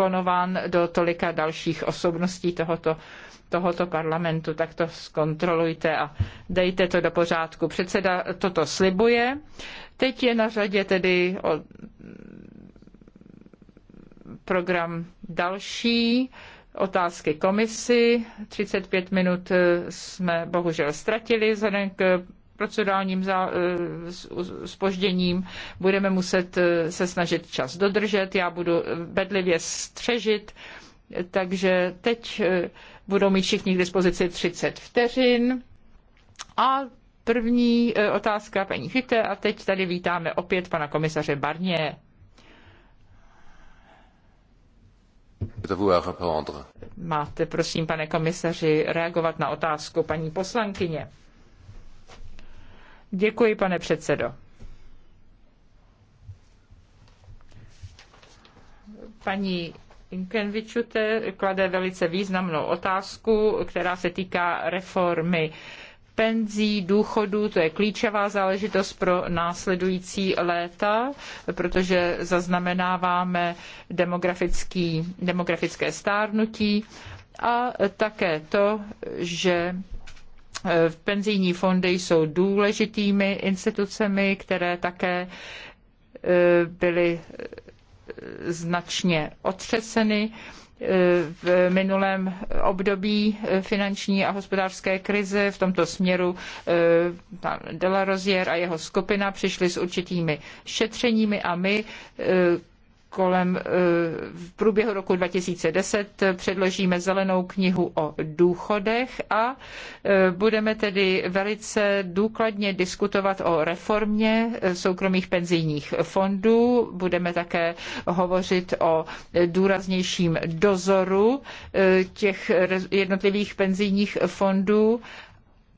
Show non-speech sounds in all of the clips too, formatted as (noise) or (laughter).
klonován do tolika dalších osobností tohoto tohoto parlamentu, tak to zkontrolujte a dejte to do pořádku. Předseda toto slibuje. Teď je na řadě tedy o program další, otázky komisi. 35 minut jsme bohužel ztratili vzhledem k procedurálním eh, spožděním. Budeme muset eh, se snažit čas dodržet, já budu eh, bedlivě střežit, takže teď budou mít všichni k dispozici 30 vteřin. A první otázka paní Chyte a teď tady vítáme opět pana komisaře Barně. Máte, prosím, pane komisaři, reagovat na otázku paní poslankyně. Děkuji, pane předsedo. Paní Inkenvičute klade velice významnou otázku, která se týká reformy penzí, důchodů, to je klíčová záležitost pro následující léta, protože zaznamenáváme demografické stárnutí a také to, že Eh, penzijní fondy jsou důležitými institucemi, které také eh, byly eh, značně otřeseny v minulém období finanční a hospodářské krize. V tomto směru pan Delarozier a jeho skupina přišli s určitými šetřeními a my kolem eh, v průběhu roku 2010 předložíme zelenou knihu o důchodech a eh, budeme tedy velice důkladně diskutovat o reformě eh, soukromých penzijních fondů. Budeme také hovořit o důraznějším dozoru těch jednotlivých penzijních fondů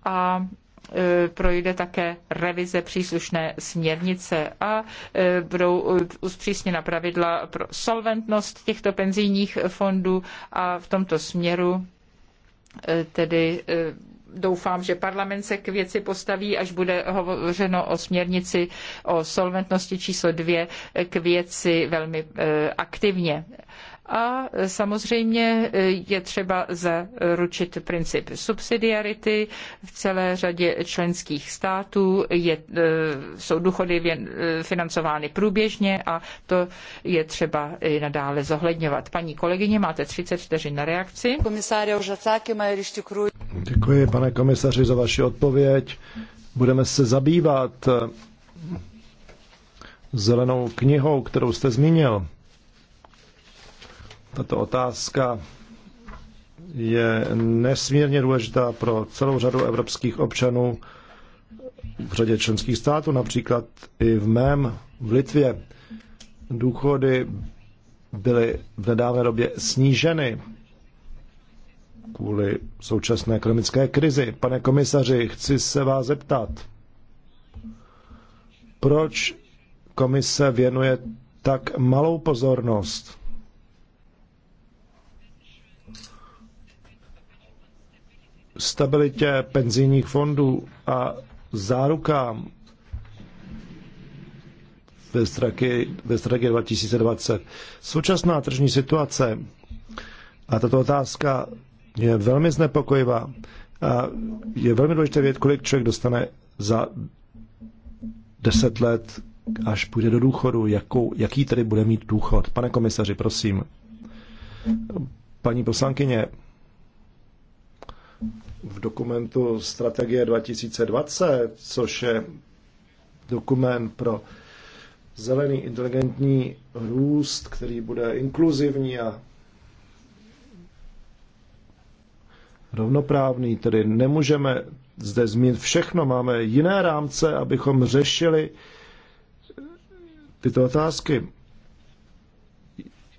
a Eh, projde také revize příslušné směrnice a eh, budou eh, uspřísněna pravidla pro solventnost těchto penzijních fondů a v tomto směru tedy doufám, že parlament se k věci postaví, až bude hovořeno o směrnici o solventnosti číslo dvě k věci velmi aktivně. A samozřejmě e, je třeba zaručit princip subsidiarity. V celé řadě členských států je, e, jsou důchody e, financovány průběžně a to je třeba i nadále zohledňovat. Paní kolegyně, máte 34 na reakci. Děkuji, pane komisaři, za vaši odpověď. Budeme se zabývat zelenou knihou, kterou jste zmínil. Tato otázka je nesmírně důležitá pro celou řadu evropských občanů v řadě členských států, například i v mém v Litvě. Důchody byly v nedávné době sníženy kvůli současné ekonomické krizi. Pane komisaři, chci se vás zeptat, proč komise věnuje tak malou pozornost stabilitě penzijních fondů a zárukám ve strategii, ve strategii 2020. Současná tržní situace a tato otázka je velmi znepokojivá a je velmi důležité vědět, kolik člověk dostane za 10 let, až půjde do důchodu, jakou, jaký tedy bude mít důchod. Pane komisaři, prosím. Paní poslankyně, v dokumentu Strategie 2020, což je dokument pro zelený inteligentní růst, který bude inkluzivní a rovnoprávný, tedy nemůžeme zde zmínit všechno, máme jiné rámce, abychom řešili tyto otázky.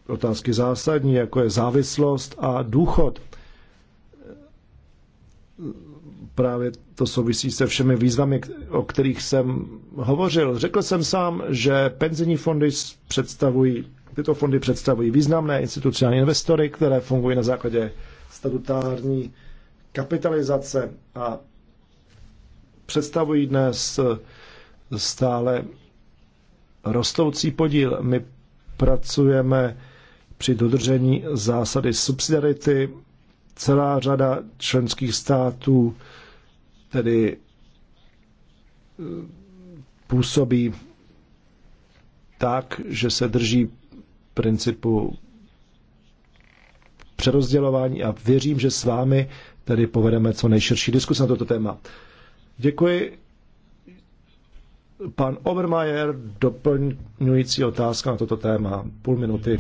Otázky zásadní, jako je závislost a důchod právě to souvisí se všemi výzvami, o kterých jsem hovořil. Řekl jsem sám, že penzijní fondy představují, tyto fondy představují významné institucionální investory, které fungují na základě statutární kapitalizace a představují dnes stále rostoucí podíl. My pracujeme při dodržení zásady subsidiarity celá řada členských států tedy eh, působí tak, že se drží principu přerozdělování a věřím, že s vámi tedy povedeme co nejširší diskus na toto téma. Děkuji Pan Obermeier, doplňující otázka na toto téma. Půl minuty.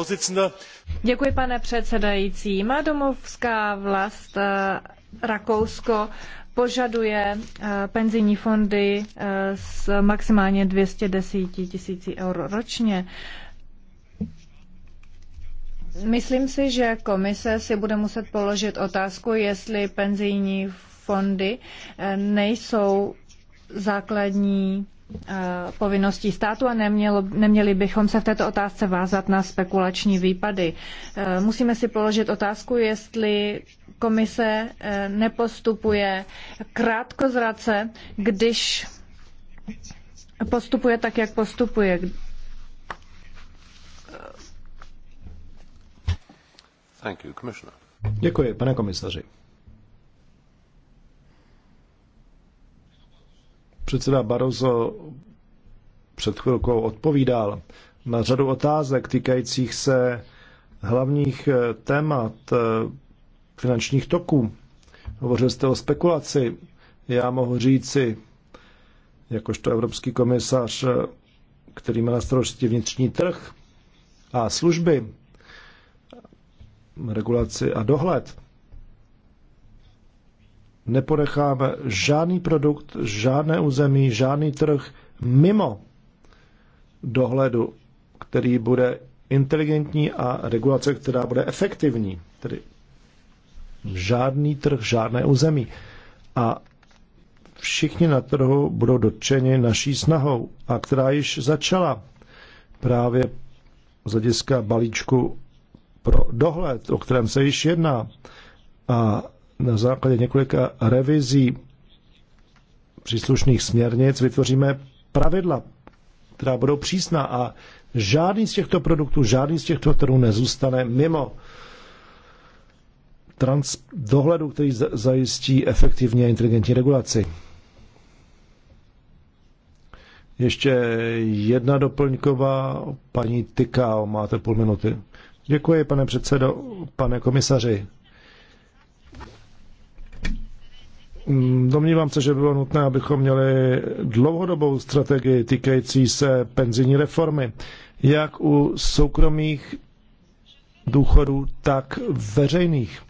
Děkuji, pane předsedající. Má domovská vlast eh, Rakousko požaduje eh, penzijní fondy eh, s maximálně 210 tisíc eur ročně. Myslím si, že komise si bude muset položit otázku, jestli penzijní fondy nejsou základní Eh, povinností státu a nemělo, neměli bychom se v této otázce vázat na spekulační výpady. Eh, musíme si položit otázku, jestli komise eh, nepostupuje krátkozrace, když postupuje tak, jak postupuje. Thank you, Děkuji, pane komisaři. Předseda Barroso před chvilkou odpovídal na řadu otázek týkajících se hlavních eh, témat eh, finančních toků. Hovořil jste o spekulaci. Já mohu říci, jakožto evropský komisař, eh, který má na starosti vnitřní trh a služby, regulaci a dohled, Neponecháme žádný produkt, žádné území, žádný trh mimo dohledu, který bude inteligentní a regulace, která bude efektivní. Tedy žádný trh, žádné území. A všichni na trhu budou dotčeni naší snahou, a která již začala právě z hlediska balíčku pro dohled, o kterém se již jedná. A na základě několika revizí příslušných směrnic vytvoříme pravidla, která budou přísná a žádný z těchto produktů, žádný z těchto trhů nezůstane mimo trans- dohledu, který zajistí efektivně a inteligentní regulaci. Ještě jedna doplňková, paní Tykal, máte půl minuty. Děkuji, pane předsedo, pane komisaři. Mm, domnívám se, že bylo nutné, abychom měli dlouhodobou strategii týkající se penzijní reformy, jak u soukromých důchodů, tak veřejných.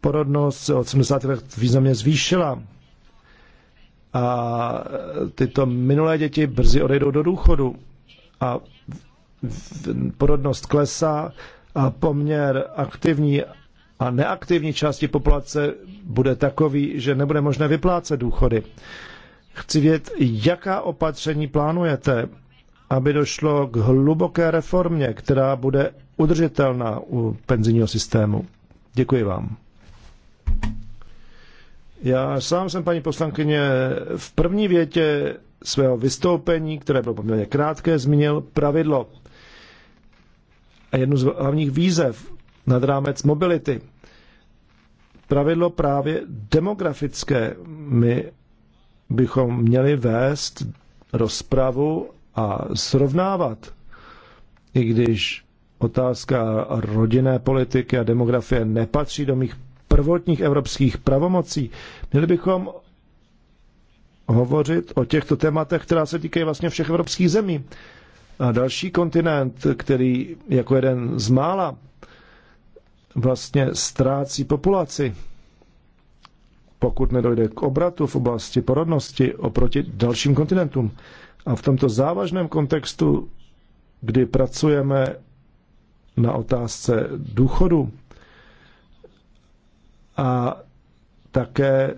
Porodnost se od 70 let významně zvýšila a tyto minulé děti brzy odejdou do důchodu a porodnost klesá a poměr aktivní a neaktivní části populace bude takový, že nebude možné vyplácet důchody. Chci vědět, jaká opatření plánujete, aby došlo k hluboké reformě, která bude udržitelná u penzijního systému. Děkuji vám. Já sám jsem, paní poslankyně, v první větě svého vystoupení, které bylo poměrně krátké, zmínil pravidlo a jednu z hlavních výzev nad rámec mobility pravidlo právě demografické. My bychom měli vést rozpravu a srovnávat, i když otázka rodinné politiky a demografie nepatří do mých prvotních evropských pravomocí, měli bychom hovořit o těchto tématech, která se týkají vlastně všech evropských zemí. A další kontinent, který jako jeden z mála vlastně ztrácí populaci, pokud nedojde k obratu v oblasti porodnosti oproti dalším kontinentům. A v tomto závažném kontextu, kdy pracujeme na otázce důchodu a také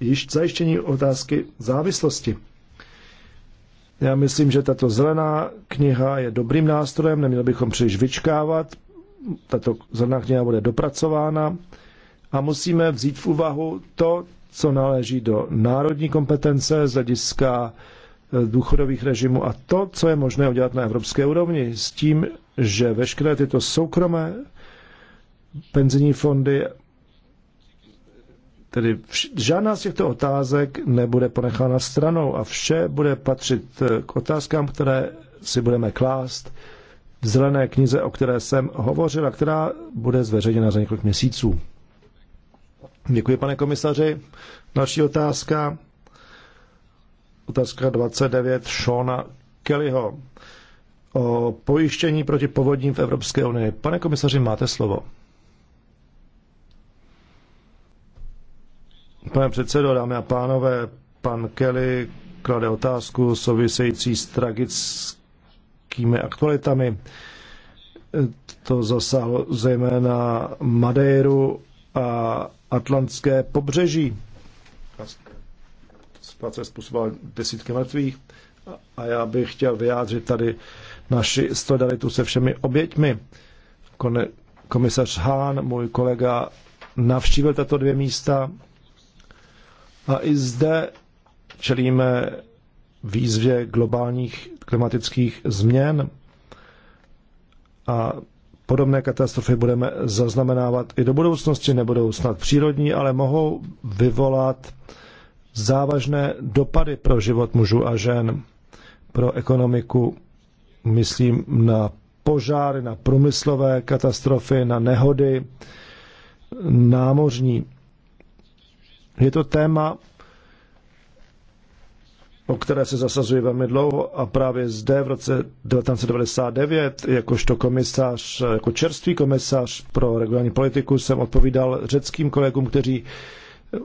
již zajištění otázky závislosti. Já myslím, že tato zelená kniha je dobrým nástrojem, neměli bychom příliš vyčkávat, tato zrna kniha bude dopracována a musíme vzít v úvahu to, co náleží do národní kompetence z hlediska eh, důchodových režimů a to, co je možné udělat na evropské úrovni s tím, že veškeré tyto soukromé penzijní fondy, tedy žádná z těchto otázek nebude ponechána stranou a vše bude patřit eh, k otázkám, které si budeme klást zelené knize, o které jsem hovořil a která bude zveřejněna za několik měsíců. Děkuji, pane komisaři. Další otázka. Otázka 29 Šona Kellyho o pojištění proti povodním v Evropské unii. Pane komisaři, máte slovo. Pane předsedo, dámy a pánové, pan Kelly klade otázku související s tragickým politickými aktualitami. To zasáhlo zejména Madeiru a atlantské pobřeží. Situace způsobila desítky mrtvých a já bych chtěl vyjádřit tady naši solidaritu se všemi oběťmi. Kone, komisař Hán, můj kolega, navštívil tato dvě místa a i zde čelíme výzvě globálních klimatických změn a podobné katastrofy budeme zaznamenávat i do budoucnosti, nebudou snad přírodní, ale mohou vyvolat závažné dopady pro život mužů a žen, pro ekonomiku, myslím na požáry, na průmyslové katastrofy, na nehody námořní. Je to téma, o které se zasazuje velmi dlouho a právě zde v roce 1999, jakožto komisař, jako čerstvý komisař pro regionální politiku jsem odpovídal řeckým kolegům, kteří eh,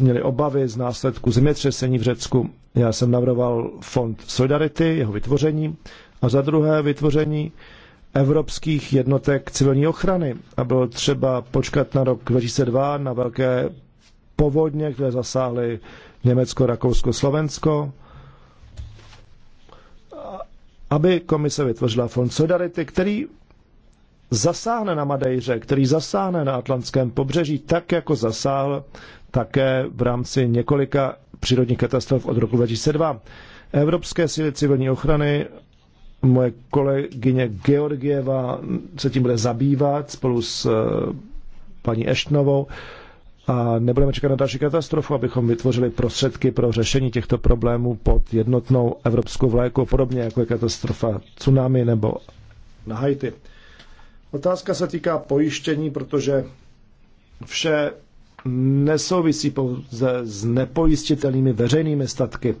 měli obavy z následku zemětřesení v Řecku. Já jsem navrhoval fond Solidarity, jeho vytvoření a za druhé vytvoření evropských jednotek civilní ochrany a bylo třeba počkat na rok 2002 na velké povodně, které zasáhly Německo, Rakousko, Slovensko, aby komise vytvořila fond Solidarity, který zasáhne na Madejře, který zasáhne na atlantském pobřeží, tak jako zasáhl také v rámci několika přírodních katastrof od roku 2002. Evropské síly civilní ochrany, moje kolegyně Georgieva se tím bude zabývat spolu s eh, paní Eštnovou a nebudeme čekat na další katastrofu, abychom vytvořili prostředky pro řešení těchto problémů pod jednotnou evropskou vlajkou, podobně jako je katastrofa tsunami nebo na Haiti. Otázka se týká pojištění, protože vše nesouvisí pouze s nepojistitelnými veřejnými statky.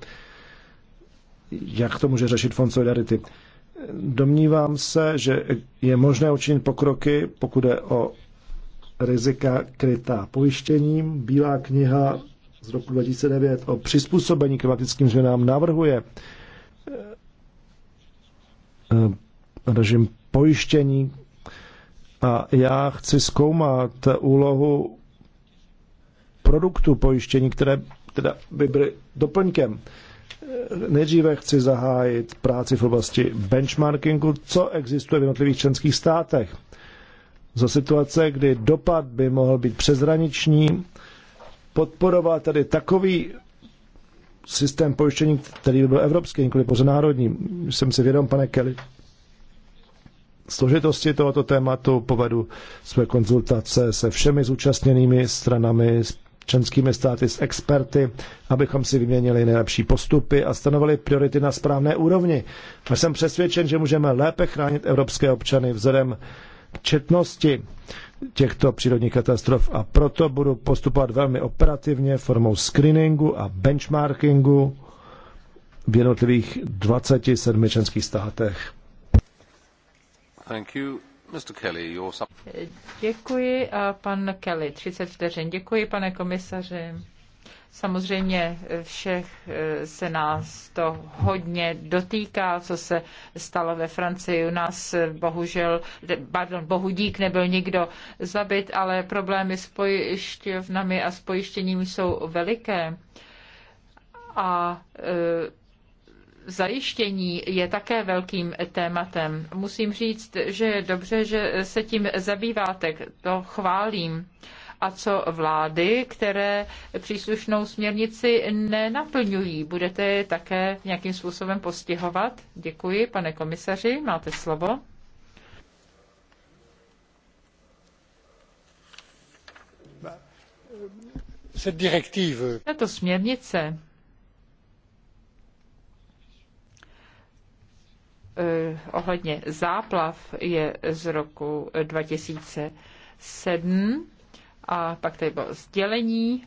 Jak to může řešit Fond Solidarity? Domnívám se, že je možné učinit pokroky, pokud je o rizika krytá pojištěním. Bílá kniha z roku 2009 o přizpůsobení klimatickým změnám navrhuje eh, režim pojištění a já chci zkoumat úlohu produktů pojištění, které teda by byly doplňkem. Nejdříve chci zahájit práci v oblasti benchmarkingu, co existuje v jednotlivých členských státech za situace, kdy dopad by mohl být přezraniční, podporovat tady takový systém pojištění, který by byl evropský, nikoli pouze národní. Jsem si vědom, pane Kelly, složitosti tohoto tématu povedu své konzultace se všemi zúčastněnými stranami, s členskými státy, s experty, abychom si vyměnili nejlepší postupy a stanovili priority na správné úrovni. A jsem přesvědčen, že můžeme lépe chránit evropské občany vzhledem četnosti těchto přírodních katastrof a proto budu postupovat velmi operativně formou screeningu a benchmarkingu v jednotlivých 27 členských státech. Thank you. Mr. Kelly, your... Děkuji, pan Kelly, 30 vteřin. Děkuji, pane komisaři. Samozřejmě eh, všech eh, se nás to hodně dotýká, co se stalo ve Francii. U nás eh, bohužel, pardon, bohu dík nebyl nikdo zabit, ale problémy s pojišťovnami a s pojištěním jsou veliké. A zajištění je také velkým tématem. Musím říct, že je dobře, že se tím zabýváte. To chválím a co vlády, které příslušnou směrnici nenaplňují. Budete je také nějakým způsobem postihovat? Děkuji, pane komisaři, máte slovo. Tato směrnice eh, ohledně záplav je z roku 2007 a pak tady bylo sdělení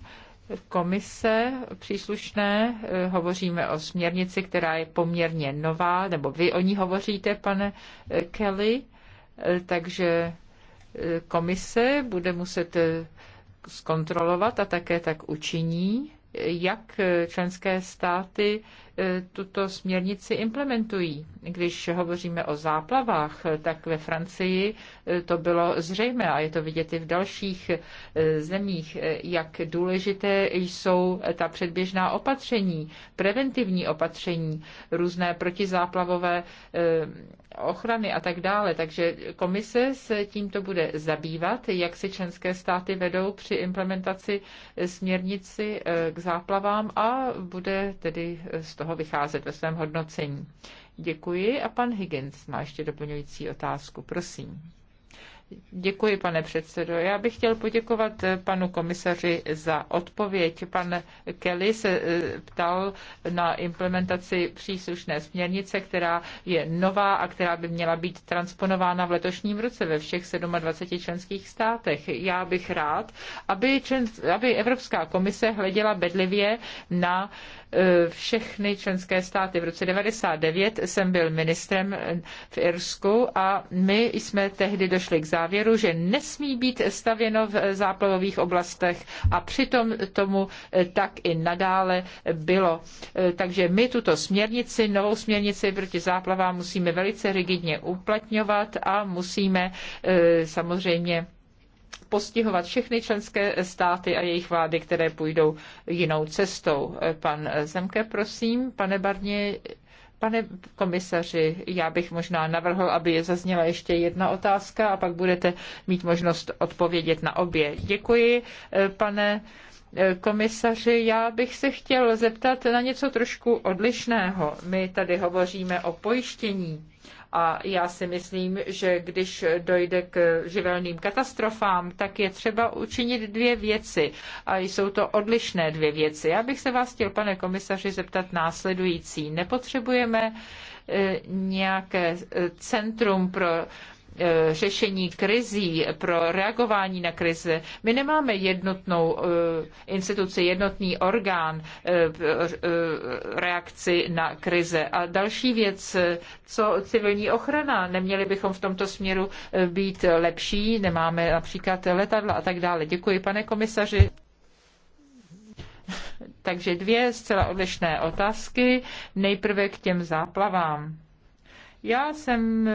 komise příslušné. Eh, hovoříme o směrnici, která je poměrně nová, nebo vy o ní hovoříte, pane eh, Kelly. Eh, takže komise bude muset zkontrolovat a také tak učiní jak členské státy e, tuto směrnici implementují. Když hovoříme o záplavách, tak ve Francii e, to bylo zřejmé a je to vidět i v dalších e, zemích, jak důležité jsou ta předběžná opatření, preventivní opatření, různé protizáplavové ochrany a tak dále. Takže komise se tímto bude zabývat, jak si členské státy vedou při implementaci směrnici eh, k záplavám a bude tedy z toho vycházet ve svém hodnocení. Děkuji a pan Higgins má ještě doplňující otázku. Prosím. Děkuji, pane předsedo. Já bych chtěl poděkovat eh, panu komisaři za odpověď. Pan Kelly se eh, ptal na implementaci příslušné směrnice, která je nová a která by měla být transponována v letošním roce ve všech 27 členských státech. Já bych rád, aby, člen, aby Evropská komise hleděla bedlivě na uh, Eh, všechny členské státy. V roce 99 jsem byl ministrem eh, v Irsku a my jsme tehdy došli k závěru, že nesmí být stavěno v eh, záplavových oblastech a přitom tomu tak i nadále bylo. Takže my tuto směrnici, novou směrnici proti záplavám musíme velice rigidně uplatňovat a musíme samozřejmě postihovat všechny členské státy a jejich vlády, které půjdou jinou cestou. Pan Zemke, prosím, pane Barně, Pane komisaři, já bych možná navrhl, aby je zazněla ještě jedna otázka a pak budete mít možnost odpovědět na obě. Děkuji, pane komisaři. Já bych se chtěl zeptat na něco trošku odlišného. My tady hovoříme o pojištění a já si myslím, že když dojde k živelným katastrofám, tak je třeba učinit dvě věci. A jsou to odlišné dvě věci. Já bych se vás chtěl, pane komisaři, zeptat následující. Nepotřebujeme eh, nějaké eh, centrum pro Eh, řešení krizí, pro reagování na krize. My nemáme jednotnou eh, instituci, jednotný orgán eh, reakci na krize. A další věc, co civilní ochrana, neměli bychom v tomto směru být lepší, nemáme například letadla a tak dále. Děkuji, pane komisaři. (laughs) Takže dvě zcela odlišné otázky. Nejprve k těm záplavám. Já jsem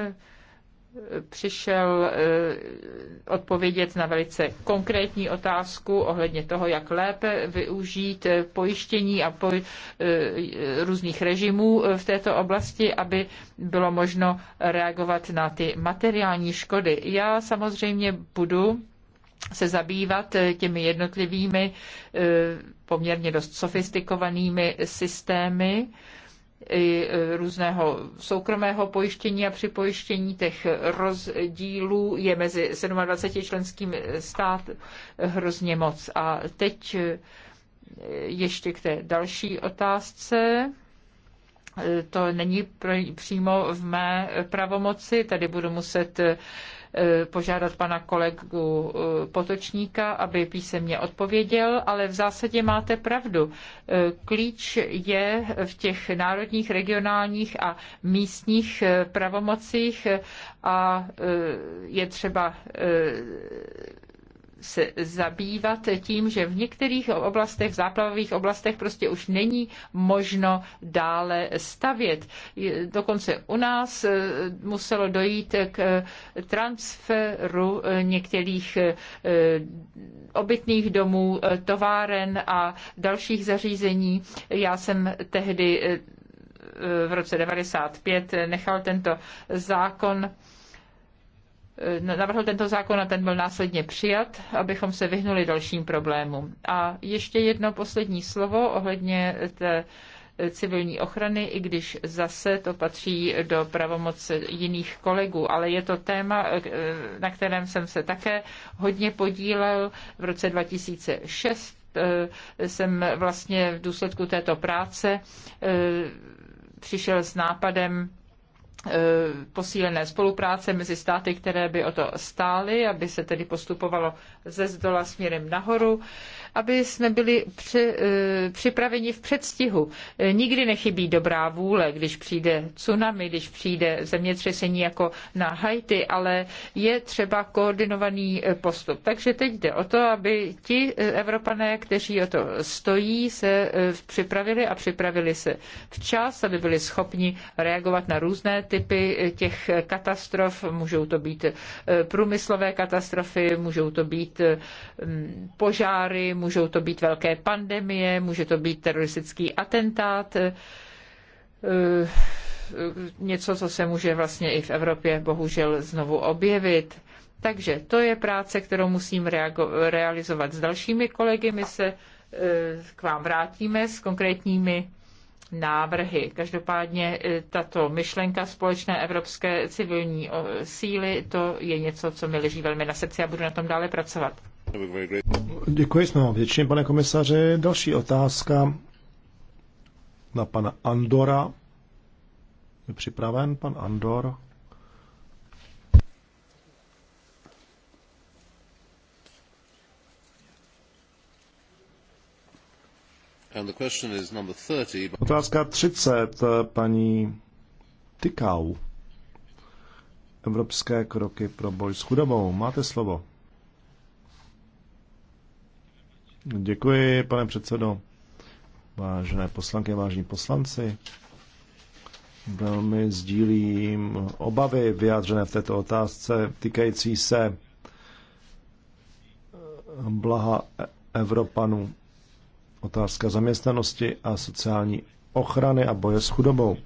přišel eh, odpovědět na velice konkrétní otázku ohledně toho, jak lépe využít eh, pojištění a poj- eh, různých režimů v této oblasti, aby bylo možno reagovat na ty materiální škody. Já samozřejmě budu se zabývat těmi jednotlivými poměrně dost sofistikovanými systémy, i e, různého soukromého pojištění a připojištění těch rozdílů je mezi 27 členským stát hrozně moc. A teď e, ještě k té další otázce. E, to není přímo v mé pravomoci, tady budu muset Eh, požádat pana kolegu eh, Potočníka, aby písemně odpověděl, ale v zásadě máte pravdu. Eh, klíč je v těch národních, regionálních a místních pravomocích a je třeba se zabývat tím, že v některých oblastech, v záplavových oblastech prostě už není možno dále stavět. Dokonce u nás e, muselo dojít k transferu e, některých e, obytných domů, továren a dalších zařízení. Já jsem tehdy v roce 95 nechal tento zákon Eh, navrhl tento zákon a ten byl následně přijat, abychom se vyhnuli dalším problémům. A ještě jedno poslední slovo ohledně té eh, civilní ochrany, i když zase to patří do pravomoci jiných kolegů, ale je to téma, eh, na kterém jsem se také hodně podílel v roce 2006 jsem vlastně v důsledku této práce přišel s nápadem Eh, posílené spolupráce mezi státy, které by o to stály, aby se tedy postupovalo ze zdola směrem nahoru aby jsme byli při, eh, připraveni v předstihu. Eh, nikdy nechybí dobrá vůle, když přijde tsunami, když přijde zemětřesení jako na Haiti, ale je třeba koordinovaný eh, postup. Takže teď jde o to, aby ti Evropané, kteří o to stojí, se připravili a připravili se včas, aby byli schopni reagovat na různé typy těch katastrof. Můžou to být průmyslové katastrofy, můžou to být požáry, můžou to být velké pandemie, může to být teroristický atentát, eh, eh, něco, co se může vlastně i v Evropě bohužel znovu objevit. Takže to je práce, kterou musím realizovat s dalšími kolegy. My se eh, k vám vrátíme s konkrétními návrhy. Každopádně tato myšlenka společné evropské civilní síly, to je něco, co mi leží velmi na srdci a budu na tom dále pracovat. Děkuji, jsme vám většině, pane komisaři. Další otázka na pana Andora. Je připraven pan Andor? Otázka 30, paní Tykau. Evropské kroky pro boj s chudobou. Máte slovo. Děkuji, pane předsedo. Vážené poslanky, vážní poslanci, velmi sdílím obavy vyjádřené v této otázce týkající se blaha Evropanů, otázka zaměstnanosti a sociální ochrany a boje s chudobou.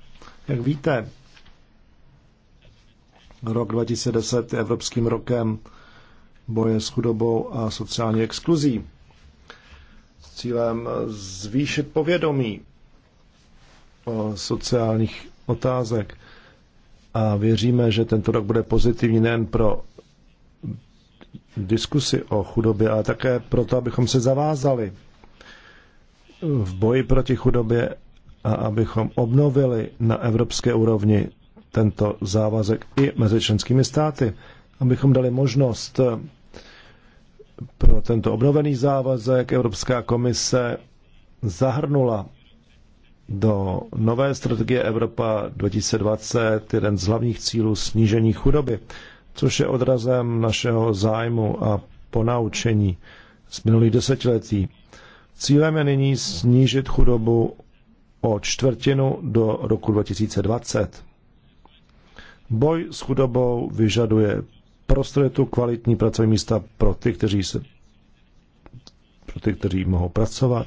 Jak víte, rok 2010 je Evropským rokem boje s chudobou a sociální exkluzí s cílem zvýšit povědomí o sociálních otázek. A věříme, že tento rok bude pozitivní nejen pro diskusy o chudobě, ale také proto, abychom se zavázali v boji proti chudobě a abychom obnovili na evropské úrovni tento závazek i mezi členskými státy, abychom dali možnost pro tento obnovený závazek Evropská komise zahrnula do nové strategie Evropa 2020 jeden z hlavních cílů snížení chudoby, což je odrazem našeho zájmu a ponaučení z minulých desetiletí. Cílem je nyní snížit chudobu o čtvrtinu do roku 2020. Boj s chudobou vyžaduje prostor je tu kvalitní pracovní místa pro ty, kteří se, pro ty, kteří mohou pracovat.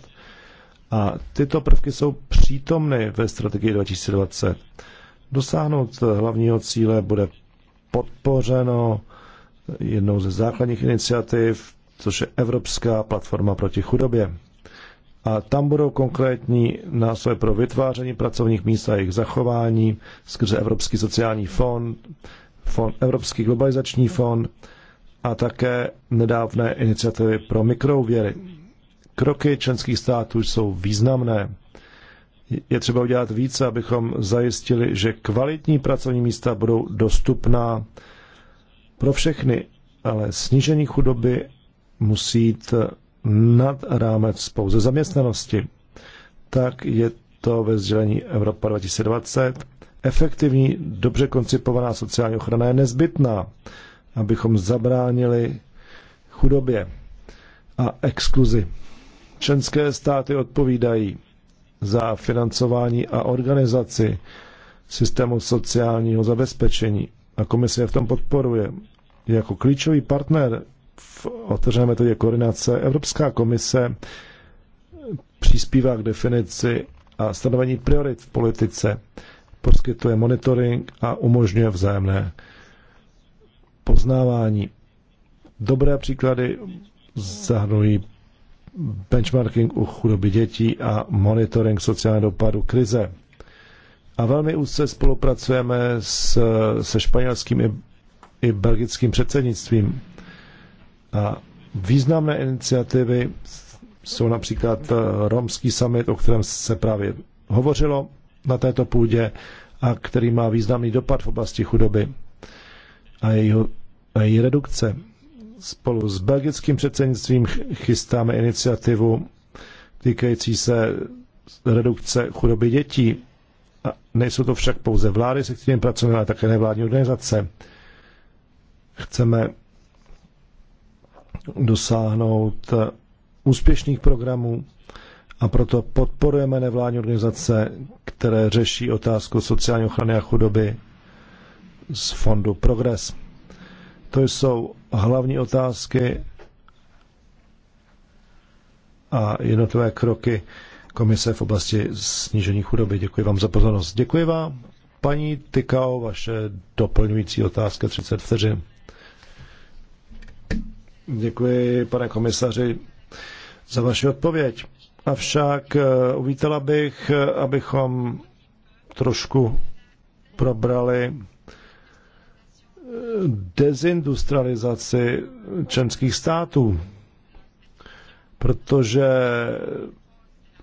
A tyto prvky jsou přítomny ve strategii 2020. Dosáhnout hlavního cíle bude podpořeno jednou ze základních iniciativ, což je Evropská platforma proti chudobě. A tam budou konkrétní nástroje pro vytváření pracovních míst a jejich zachování skrze Evropský sociální fond, fond, Evropský globalizační fond a také nedávné iniciativy pro mikrouvěry. Kroky členských států jsou významné. Je třeba udělat více, abychom zajistili, že kvalitní pracovní místa budou dostupná pro všechny, ale snížení chudoby musí jít nad rámec pouze zaměstnanosti. Tak je to ve sdělení Evropa 2020 efektivní, dobře koncipovaná sociální ochrana je nezbytná, abychom zabránili chudobě a exkluzi. Členské státy odpovídají za financování a organizaci systému sociálního zabezpečení a komise je v tom podporuje. Jako klíčový partner v otevřené metodě koordinace Evropská komise přispívá k definici a stanovení priorit v politice poskytuje monitoring a umožňuje vzájemné poznávání. Dobré příklady zahrnují benchmarking u chudoby dětí a monitoring sociálního dopadu krize. A velmi úzce spolupracujeme s, se španělským i, i belgickým předsednictvím. A významné iniciativy jsou například eh, Romský summit, o kterém se právě hovořilo, na této půdě a který má významný dopad v oblasti chudoby a, jejího, a její redukce. Spolu s belgickým předsednictvím chystáme iniciativu týkající se redukce chudoby dětí. A nejsou to však pouze vlády, se kterými pracujeme, ale také nevládní organizace. Chceme dosáhnout úspěšných programů a proto podporujeme nevládní organizace, které řeší otázku sociální ochrany a chudoby z fondu Progres. To jsou hlavní otázky a jednotlivé kroky Komise v oblasti snížení chudoby. Děkuji vám za pozornost. Děkuji vám. Paní Tykao, vaše doplňující otázka 30 vteřin. Děkuji, pane komisaři, za vaši odpověď. Avšak eh, uvítala bych, eh, abychom trošku probrali eh, dezindustrializaci členských států, protože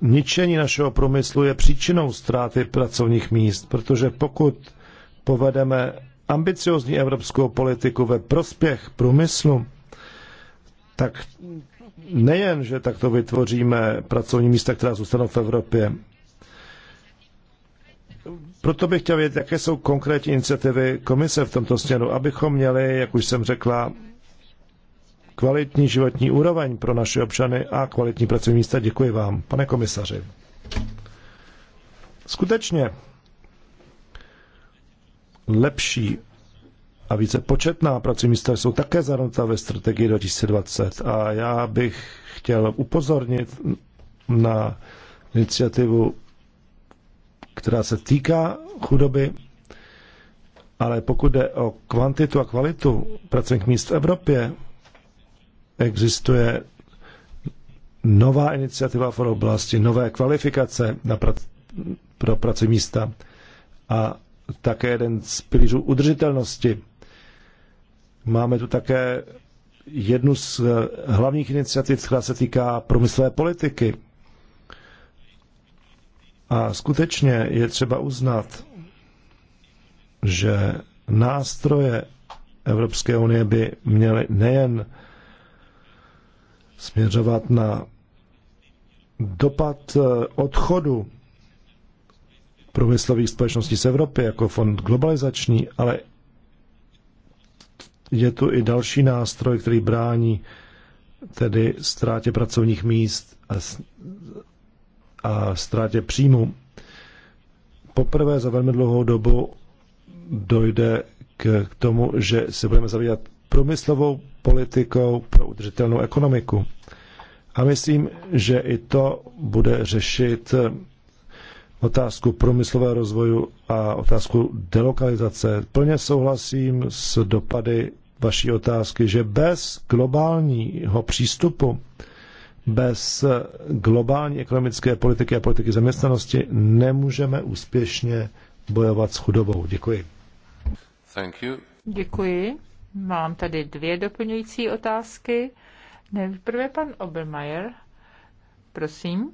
ničení našeho průmyslu je příčinou ztráty pracovních míst, protože pokud povedeme ambiciozní evropskou politiku ve prospěch průmyslu, tak nejen, že takto vytvoříme pracovní místa, která zůstanou v Evropě, proto bych chtěl vědět, jaké jsou konkrétní iniciativy komise v tomto směru, abychom měli, jak už jsem řekla, kvalitní životní úroveň pro naše občany a kvalitní pracovní místa. Děkuji vám, pane komisaři. Skutečně lepší a více početná pracovní místa jsou také zahrnuta ve strategii 2020. A já bych chtěl upozornit na iniciativu, která se týká chudoby, ale pokud jde o kvantitu a kvalitu pracovních míst v Evropě, existuje nová iniciativa v oblasti nové kvalifikace na pr- pro pracovní místa a také jeden z pilířů udržitelnosti Máme tu také jednu z eh, hlavních iniciativ, která se týká průmyslové politiky. A skutečně je třeba uznat, že nástroje Evropské unie by měly nejen směřovat na dopad eh, odchodu průmyslových společností z Evropy jako fond globalizační, ale je tu i další nástroj, který brání tedy ztrátě pracovních míst a, a ztrátě příjmu. Poprvé za velmi dlouhou dobu dojde k, k tomu, že se budeme zabývat průmyslovou politikou pro udržitelnou ekonomiku. A myslím, že i to bude řešit otázku průmyslového rozvoju a otázku delokalizace. Plně souhlasím s dopady vaší otázky, že bez globálního přístupu, bez globální ekonomické politiky a politiky zaměstnanosti nemůžeme úspěšně bojovat s chudobou. Děkuji. Thank you. Děkuji. Mám tady dvě doplňující otázky. Nejprve pan Obermeier. Prosím.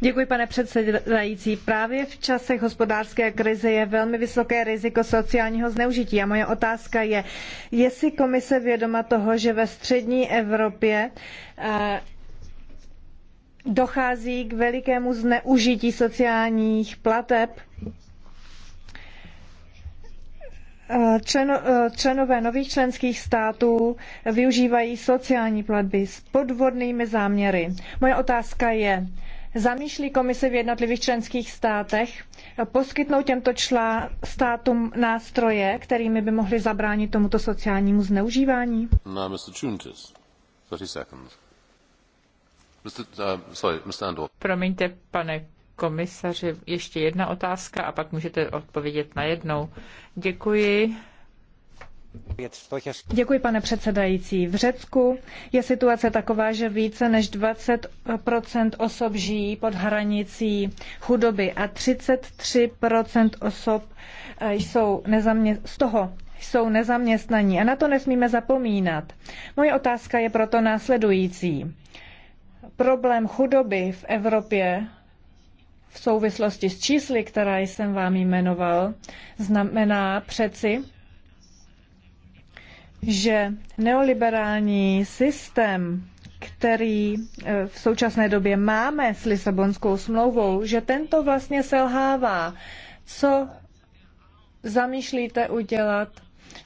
Děkuji, pane předsedající. Právě v časech hospodářské krize je velmi vysoké riziko sociálního zneužití. A moje otázka je, je si komise vědoma toho, že ve střední Evropě eh, dochází k velikému zneužití sociálních plateb Eh, členové nových členských států využívají sociální platby s podvodnými záměry. Moje otázka je, zamýšlí komise v jednotlivých členských státech poskytnout těmto člá, státům nástroje, kterými by mohly zabránit tomuto sociálnímu zneužívání? No, Mr. Chuntis, 30 seconds. Mr. Uh, sorry, Mr. Promiňte, pane komisaři, ještě jedna otázka a pak můžete odpovědět na jednou. Děkuji. Děkuji, pane předsedající. V Řecku je situace taková, že více než 20 osob žijí pod hranicí chudoby a 33 osob eh, jsou nezamě... z toho jsou nezaměstnaní a na to nesmíme zapomínat. Moje otázka je proto následující. Problém chudoby v Evropě souvislosti s čísly, která jsem vám jmenoval, znamená přeci, že neoliberální systém, který eh, v současné době máme s Lisabonskou smlouvou, že tento vlastně selhává. Co zamýšlíte udělat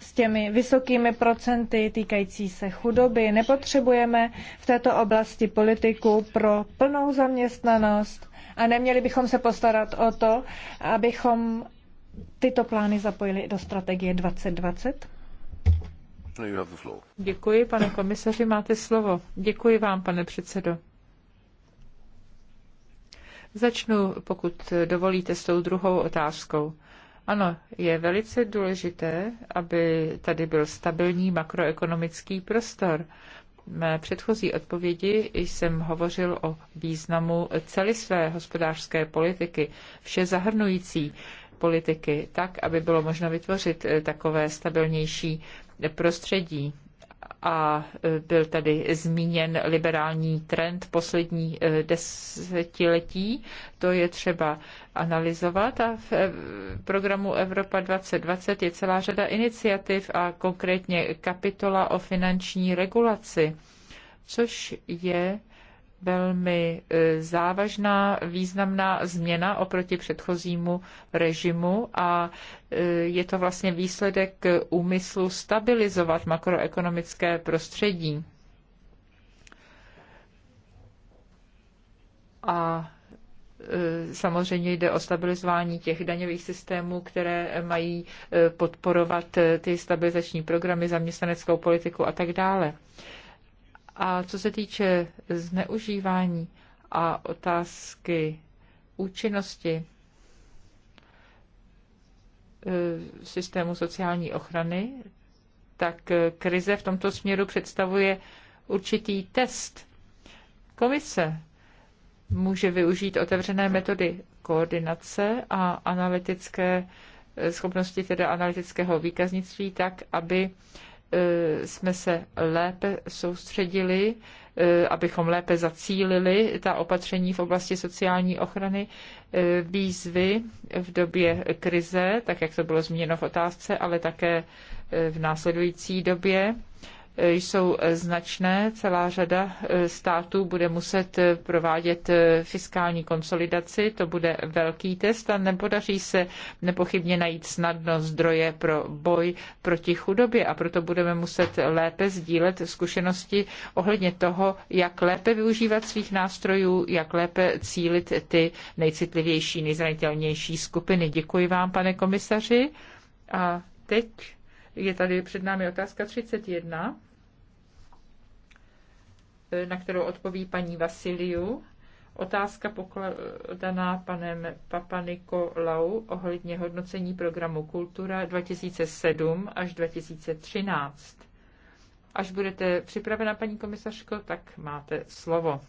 s těmi vysokými procenty týkající se chudoby? Nepotřebujeme v této oblasti politiku pro plnou zaměstnanost, a neměli bychom se postarat o to, abychom tyto plány zapojili do strategie 2020? No, Děkuji, pane komisaři, máte slovo. Děkuji vám, pane předsedo. Začnu, pokud dovolíte, s tou druhou otázkou. Ano, je velice důležité, aby tady byl stabilní makroekonomický prostor mé předchozí odpovědi jsem hovořil o významu celé své hospodářské politiky, vše zahrnující politiky, tak, aby bylo možno vytvořit eh, takové stabilnější prostředí a e, byl tady zmíněn liberální trend poslední e, desetiletí. To je třeba analyzovat a v e, programu Evropa 2020 je celá řada iniciativ a konkrétně kapitola o finanční regulaci, což je velmi e, závažná, významná změna oproti předchozímu režimu a e, je to vlastně výsledek úmyslu stabilizovat makroekonomické prostředí. A e, samozřejmě jde o stabilizování těch daňových systémů, které mají podporovat ty stabilizační programy, zaměstnaneckou politiku a tak dále. A co se týče zneužívání a otázky účinnosti eh, systému sociální ochrany, tak eh, krize v tomto směru představuje určitý test. Komise může využít otevřené metody koordinace a analytické eh, schopnosti, teda analytického výkaznictví, tak, aby Eh, jsme se lépe soustředili, eh, abychom lépe zacílili ta opatření v oblasti sociální ochrany, eh, výzvy v době krize, tak jak to bylo zmíněno v otázce, ale také v následující době jsou značné. Celá řada e, států bude muset e, provádět e, fiskální konsolidaci. To bude velký test a nepodaří se nepochybně najít snadno zdroje pro boj proti chudobě a proto budeme muset lépe sdílet zkušenosti ohledně toho, jak lépe využívat svých nástrojů, jak lépe cílit ty nejcitlivější, nejzranitelnější skupiny. Děkuji vám, pane komisaři. A teď je tady před námi otázka 31 na kterou odpoví paní Vasiliu. Otázka pokladaná panem Lau ohledně hodnocení programu Kultura 2007 až 2013. Až budete připravena, paní komisařko, tak máte slovo.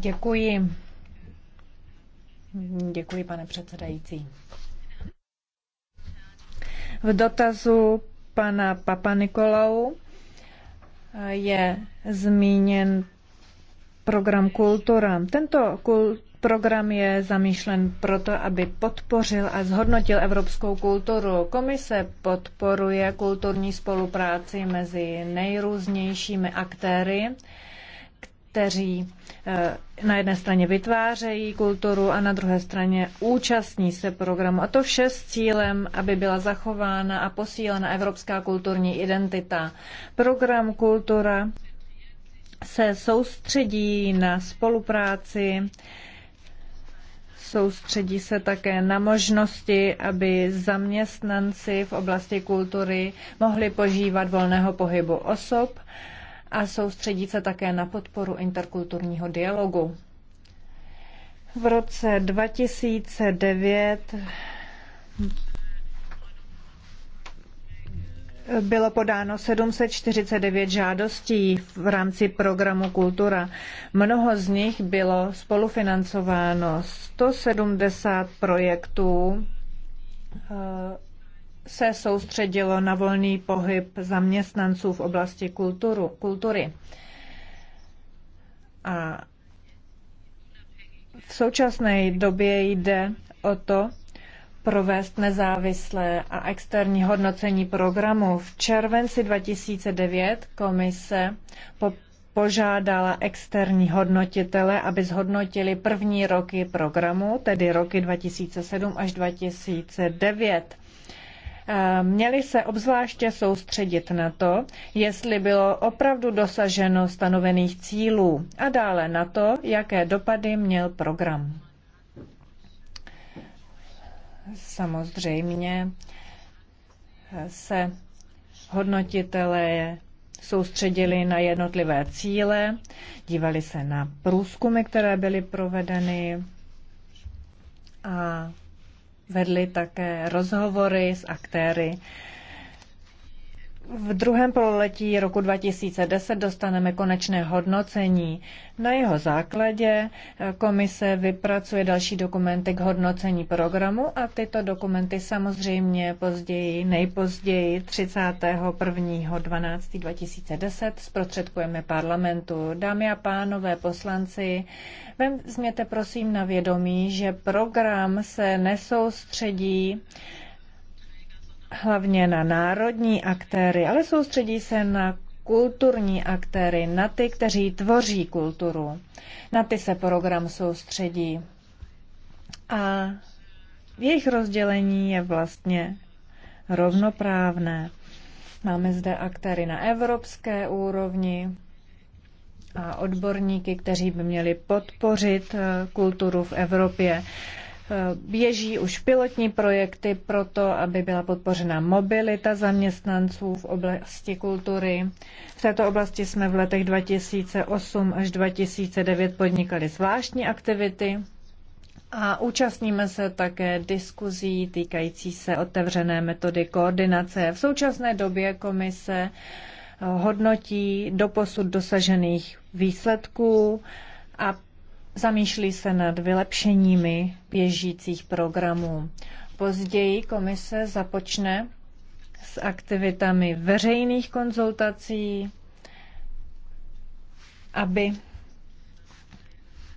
Děkuji. Děkuji, pane předsedající. V dotazu pana Papa Nikolau eh, je zmíněn program Kultura. Tento kul- program je zamýšlen proto, aby podpořil a zhodnotil evropskou kulturu. Komise podporuje kulturní spolupráci mezi nejrůznějšími aktéry kteří eh, na jedné straně vytvářejí kulturu a na druhé straně účastní se programu. A to vše s cílem, aby byla zachována a posílena evropská kulturní identita. Program Kultura se soustředí na spolupráci, soustředí se také na možnosti, aby zaměstnanci v oblasti kultury mohli požívat volného pohybu osob, a soustředí se také na podporu interkulturního dialogu. V roce 2009 bylo podáno 749 žádostí v rámci programu Kultura. Mnoho z nich bylo spolufinancováno. 170 projektů eh, se soustředilo na volný pohyb zaměstnanců v oblasti kulturu, kultury. A v současné době jde o to, provést nezávislé a externí hodnocení programu. V červenci 2009 komise po požádala externí hodnotitele, aby zhodnotili první roky programu, tedy roky 2007 až 2009 měli se obzvláště soustředit na to, jestli bylo opravdu dosaženo stanovených cílů a dále na to, jaké dopady měl program. Samozřejmě se hodnotitelé soustředili na jednotlivé cíle, dívali se na průzkumy, které byly provedeny a vedli také rozhovory s aktéry v druhém pololetí roku 2010 dostaneme konečné hodnocení. Na jeho základě eh, komise vypracuje další dokumenty k hodnocení programu a tyto dokumenty samozřejmě později, nejpozději 31.12.2010 zprostředkujeme parlamentu. Dámy a pánové poslanci, vezměte prosím na vědomí, že program se nesoustředí hlavně na národní aktéry, ale soustředí se na kulturní aktéry, na ty, kteří tvoří kulturu. Na ty se program soustředí. A jejich rozdělení je vlastně rovnoprávné. Máme zde aktéry na evropské úrovni a odborníky, kteří by měli podpořit eh, kulturu v Evropě. Eh, běží už pilotní projekty pro to, aby byla podpořena mobilita zaměstnanců v oblasti kultury. V této oblasti jsme v letech 2008 až 2009 podnikali zvláštní aktivity a účastníme se také diskuzí týkající se otevřené metody koordinace. V současné době komise eh, hodnotí doposud dosažených výsledků a zamýšlí se nad vylepšeními běžících programů. Později komise započne s aktivitami veřejných konzultací, aby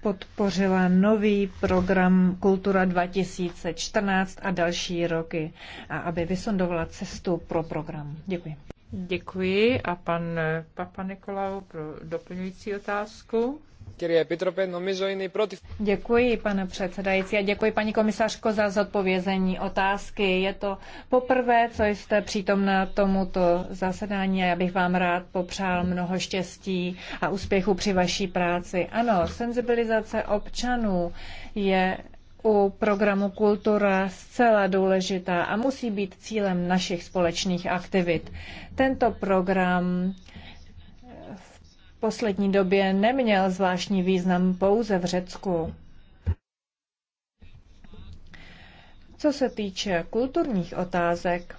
podpořila nový program Kultura 2014 a další roky a aby vysondovala cestu pro program. Děkuji. Děkuji a pan Papa Nikolau pro doplňující otázku. No děkuji, pane předsedající, a děkuji, paní komisařko, za zodpovězení otázky. Je to poprvé, co jste přítomna tomuto zasedání a já bych vám rád popřál mnoho štěstí a úspěchu při vaší práci. Ano, senzibilizace občanů je u programu Kultura zcela důležitá a musí být cílem našich společných aktivit. Tento program poslední době neměl zvláštní význam pouze v Řecku. Co se týče kulturních otázek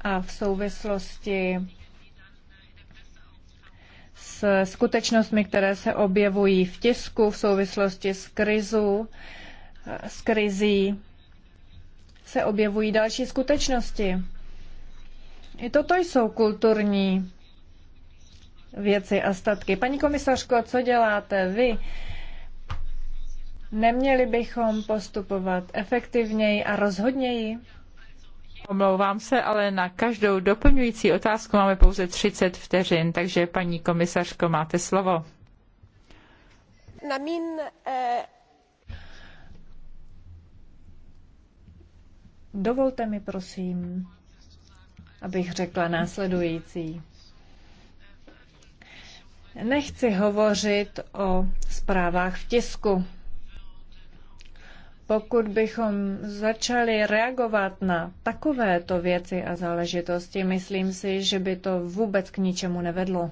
a v souvislosti s skutečnostmi, které se objevují v tisku v souvislosti s, krizu, s krizí, se objevují další skutečnosti. I toto jsou kulturní věci a statky. Paní komisařko, co děláte vy? Neměli bychom postupovat efektivněji a rozhodněji? Omlouvám se, ale na každou doplňující otázku máme pouze 30 vteřin, takže paní komisařko, máte slovo. Na min, eh... Dovolte mi, prosím, abych řekla následující. Nechci hovořit o zprávách v tisku. Pokud bychom začali reagovat na takovéto věci a záležitosti, myslím si, že by to vůbec k ničemu nevedlo.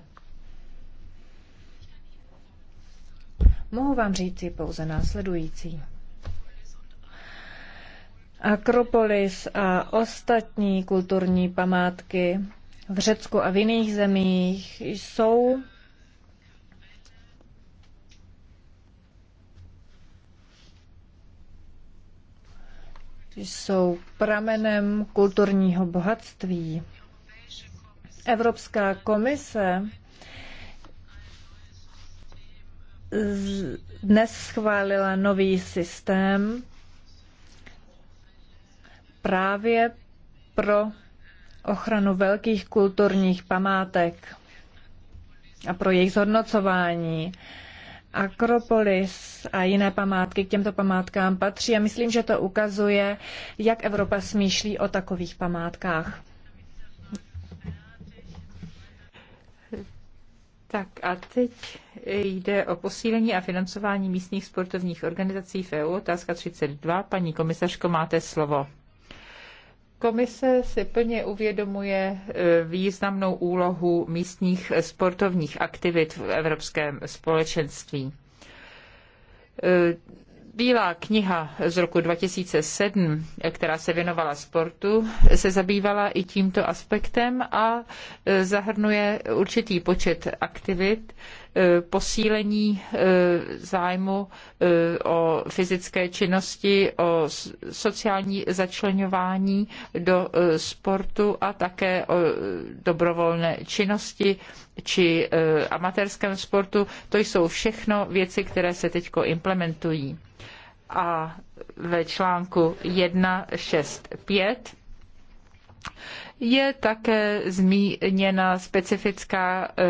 Mohu vám říci pouze následující. Akropolis a ostatní kulturní památky v Řecku a v jiných zemích jsou jsou pramenem kulturního bohatství. Evropská komise dnes schválila nový systém právě pro ochranu velkých kulturních památek a pro jejich zhodnocování. Akropolis a jiné památky k těmto památkám patří a myslím, že to ukazuje, jak Evropa smýšlí o takových památkách. Tak a teď jde o posílení a financování místních sportovních organizací v EU. Otázka 32. Paní komisařko, máte slovo. Komise si plně uvědomuje eh, významnou úlohu místních sportovních aktivit v Evropském společenství. Eh, Bílá kniha z roku 2007, eh, která se věnovala sportu, se zabývala i tímto aspektem a zahrnuje určitý počet aktivit, Eh, posílení eh, zájmu eh, o fyzické činnosti, o sociální začlenování do sportu a také o dobrovolné činnosti či amatérském sportu. To jsou všechno věci, které se teď implementují. A ve článku 165 je také zmíněna specifická e,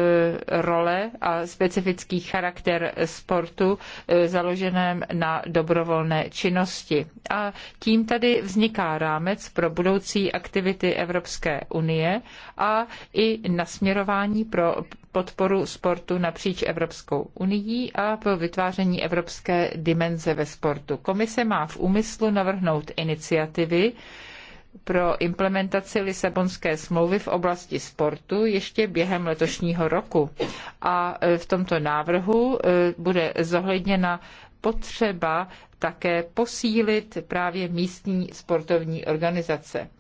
role a specifický charakter sportu e, založeném na dobrovolné činnosti. A tím tady vzniká rámec pro budoucí aktivity Evropské unie a i nasměrování pro podporu sportu napříč Evropskou unii a pro vytváření evropské dimenze ve sportu. Komise má v úmyslu navrhnout iniciativy, pro implementaci Lisabonské smlouvy v oblasti sportu ještě během letošního roku. A e, v tomto návrhu e, bude zohledněna potřeba také posílit právě místní sportovní organizace. E,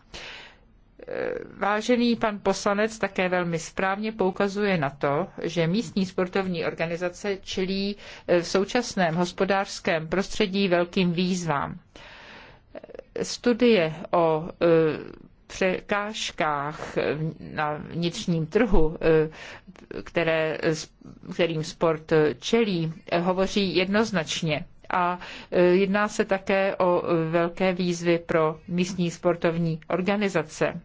vážený pan poslanec také velmi správně poukazuje na to, že místní sportovní organizace čelí v současném hospodářském prostředí velkým výzvám studie o e, překážkách na vnitřním trhu, e, které, kterým sport čelí, hovoří jednoznačně. A e, jedná se také o velké výzvy pro místní sportovní organizace.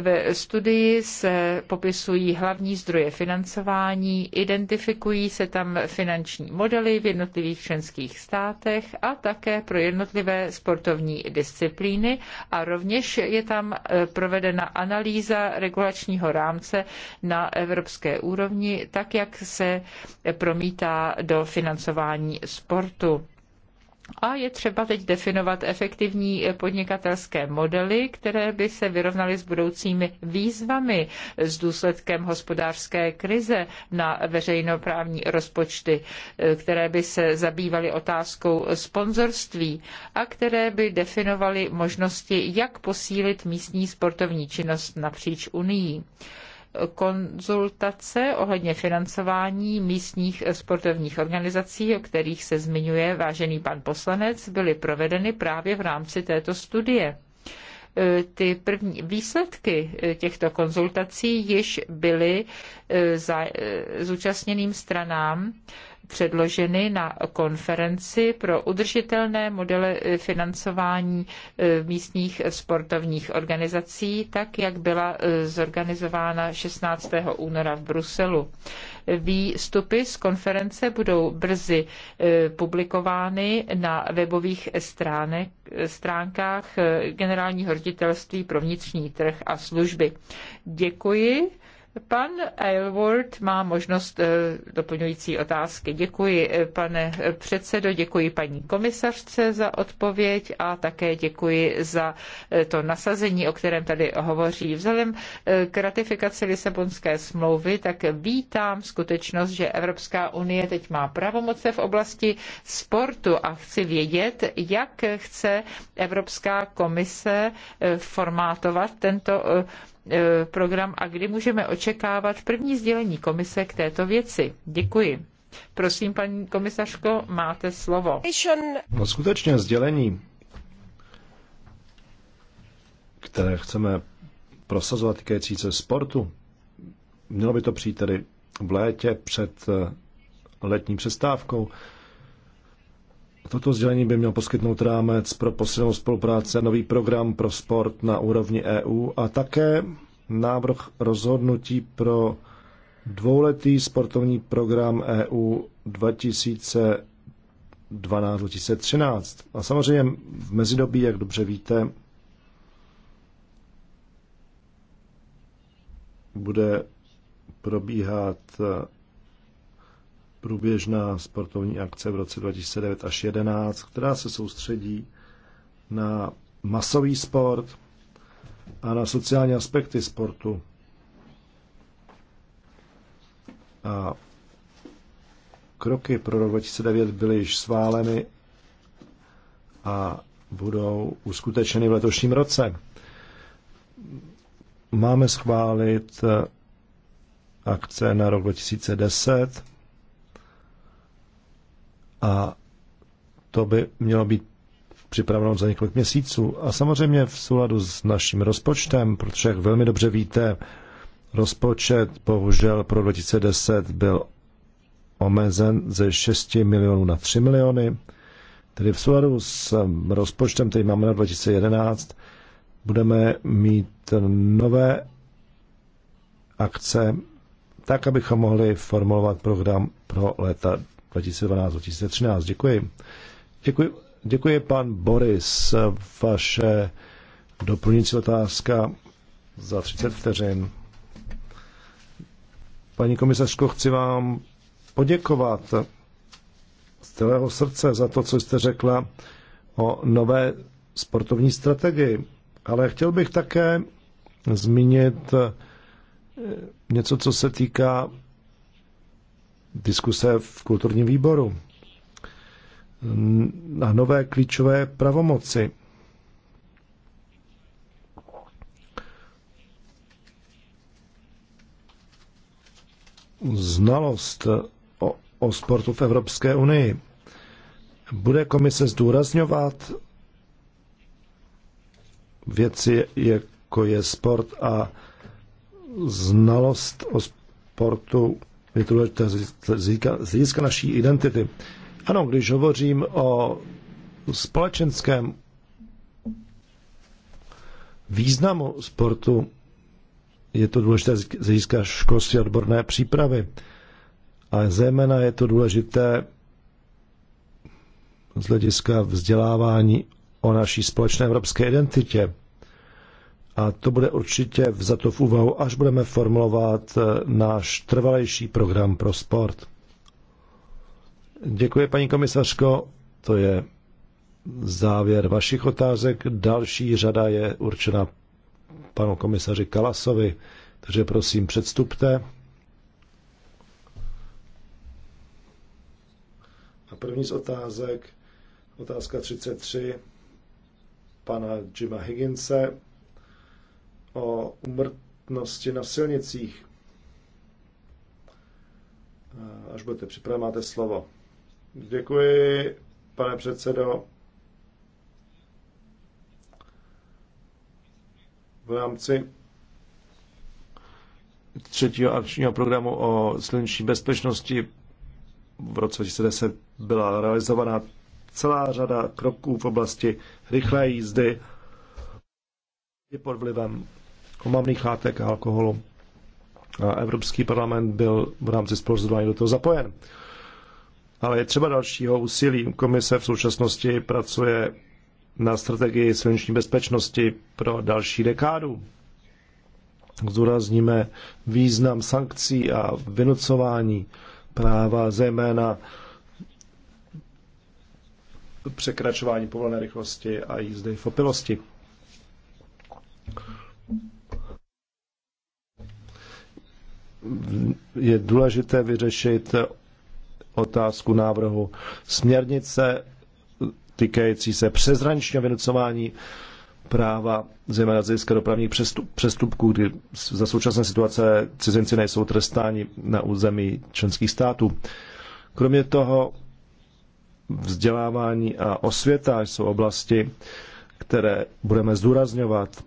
Ve studii se popisují hlavní zdroje financování, identifikují se tam finanční modely v jednotlivých členských státech a také pro jednotlivé sportovní disciplíny a rovněž je tam eh, provedena analýza regulačního rámce na evropské úrovni, tak jak se promítá do financování sportu. A je třeba teď definovat efektivní podnikatelské modely, které by se vyrovnaly s budoucími výzvami s důsledkem hospodářské krize na veřejnoprávní rozpočty, eh, které by se zabývaly otázkou sponzorství a které by definovaly možnosti, jak posílit místní sportovní činnost napříč Unii konzultace ohledně financování místních sportovních organizací, o kterých se zmiňuje vážený pan poslanec, byly provedeny právě v rámci této studie e, ty první výsledky e, těchto konzultací již byly e, za zúčastněným stranám předloženy na konferenci pro udržitelné modely financování e, místních sportovních organizací, tak jak byla e, zorganizována 16. února v Bruselu. Výstupy z konference budou brzy e, publikovány na webových stránek, stránkách Generálního ředitelství pro vnitřní trh a služby. Děkuji Pan Aylward má možnost eh, doplňující otázky. Děkuji, eh, pane předsedo, děkuji paní komisařce za odpověď a také děkuji za eh, to nasazení, o kterém tady hovoří. Vzhledem k ratifikaci Lisabonské smlouvy, tak vítám skutečnost, že Evropská unie teď má pravomoce v oblasti sportu a chci vědět, jak chce Evropská komise formátovat tento E, program a kdy můžeme očekávat první sdělení komise k této věci. Děkuji. Prosím, paní komisařko, máte slovo. No skutečně sdělení, které chceme prosazovat týkající se sportu, mělo by to přijít tedy v létě před e, letní přestávkou. Toto sdělení by mělo poskytnout rámec pro posilnou spolupráci a nový program pro sport na úrovni EU a také návrh rozhodnutí pro dvouletý sportovní program EU 2012-2013. A samozřejmě v mezidobí, jak dobře víte, bude probíhat průběžná sportovní akce v roce 2009 až 2011, která se soustředí na masový sport a na sociální aspekty sportu. A kroky pro rok 2009 byly již sváleny a budou uskutečeny v letošním roce. Máme schválit akce na rok 2010 a to by mělo být připraveno za několik měsíců. A samozřejmě v souladu s naším rozpočtem, protože jak velmi dobře víte, rozpočet bohužel pro 2010 byl omezen ze 6 milionů na 3 miliony. Tedy v souladu s rozpočtem, který máme na 2011, budeme mít nové akce, tak, abychom mohli formulovat program pro léta 2012-2013. Děkuji. Děkuji. Děkuji, pan Boris. Vaše doplňující otázka za 30 vteřin. Paní komisařko, chci vám poděkovat z celého srdce za to, co jste řekla o nové sportovní strategii. Ale chtěl bych také zmínit eh, něco, co se týká diskuse v kulturním výboru na nové klíčové pravomoci. Znalost o, o sportu v Evropské unii. Bude komise zdůrazňovat věci, jako je sport a znalost o sportu je to důležité z hlediska naší identity. Ano, když hovořím o společenském významu sportu, je to důležité z hlediska školství odborné přípravy, ale zejména je to důležité z hlediska vzdělávání o naší společné evropské identitě. A to bude určitě vzato v úvahu, až budeme formulovat e, náš trvalejší program pro sport. Děkuji, paní komisařko. To je závěr vašich otázek. Další řada je určena panu komisaři Kalasovi, takže prosím předstupte. A první z otázek, otázka 33 pana Jima Higginse, o umrtnosti na silnicích. Eh, až budete připraven, máte slovo. Děkuji, pane předsedo. V rámci třetího akčního programu o silniční bezpečnosti v roce 2010 byla realizována celá řada kroků v oblasti rychlé jízdy i pod vlivem omamných látek a alkoholu. A Evropský parlament byl v rámci spoluzování do toho zapojen. Ale je třeba dalšího úsilí. Komise v současnosti pracuje na strategii silniční bezpečnosti pro další dekádu. Zdůrazníme význam sankcí a vynucování práva, zejména překračování povolené rychlosti a jízdy v opilosti. je důležité vyřešit otázku návrhu směrnice týkající se přezraničního vynucování práva, zejména z hlediska dopravních přestup, přestupků, kdy za současné situace cizinci nejsou trestáni na území členských států. Kromě toho vzdělávání a osvěta jsou oblasti, které budeme zdůrazňovat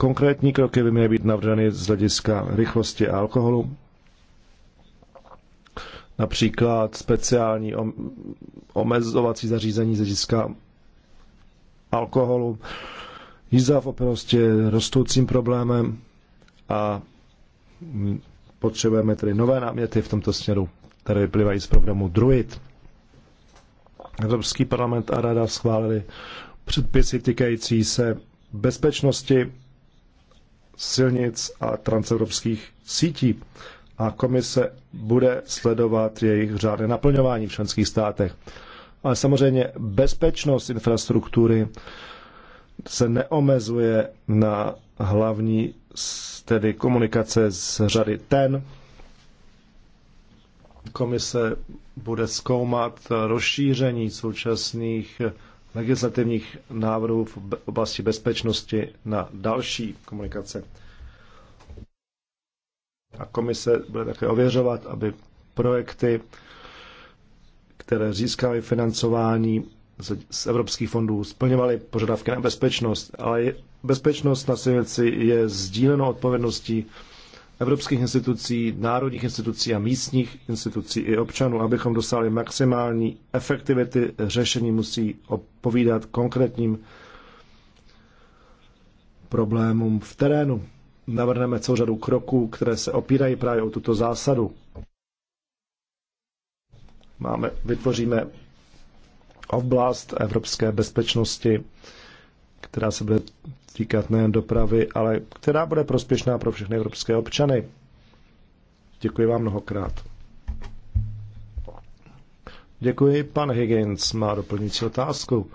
Konkrétní kroky by měly být navrženy z hlediska rychlosti a alkoholu, například speciální omezovací zařízení z hlediska alkoholu. Jízda v opilosti je rostoucím problémem a potřebujeme tedy nové náměty v tomto směru, které vyplývají z programu Druid. Evropský parlament a rada schválili předpisy týkající se bezpečnosti silnic a transevropských sítí a komise bude sledovat jejich řádné naplňování v členských státech. Ale samozřejmě bezpečnost infrastruktury se neomezuje na hlavní tedy komunikace z řady ten. Komise bude zkoumat rozšíření současných legislativních návrhů v oblasti bezpečnosti na další komunikace. A komise bude také ověřovat, aby projekty, které získaly financování z evropských fondů, splňovaly požadavky na bezpečnost. Ale bezpečnost na silnici je sdílenou odpovědností evropských institucí, národních institucí a místních institucí i občanů, abychom dosáhli maximální efektivity řešení, musí odpovídat konkrétním problémům v terénu. Navrhneme celou řadu kroků, které se opírají právě o tuto zásadu. Máme, vytvoříme oblast evropské bezpečnosti, která se bude týkat nejen dopravy, ale která bude prospěšná pro všechny evropské občany. Děkuji vám mnohokrát. Děkuji. Pan Higgins má doplňující otázku.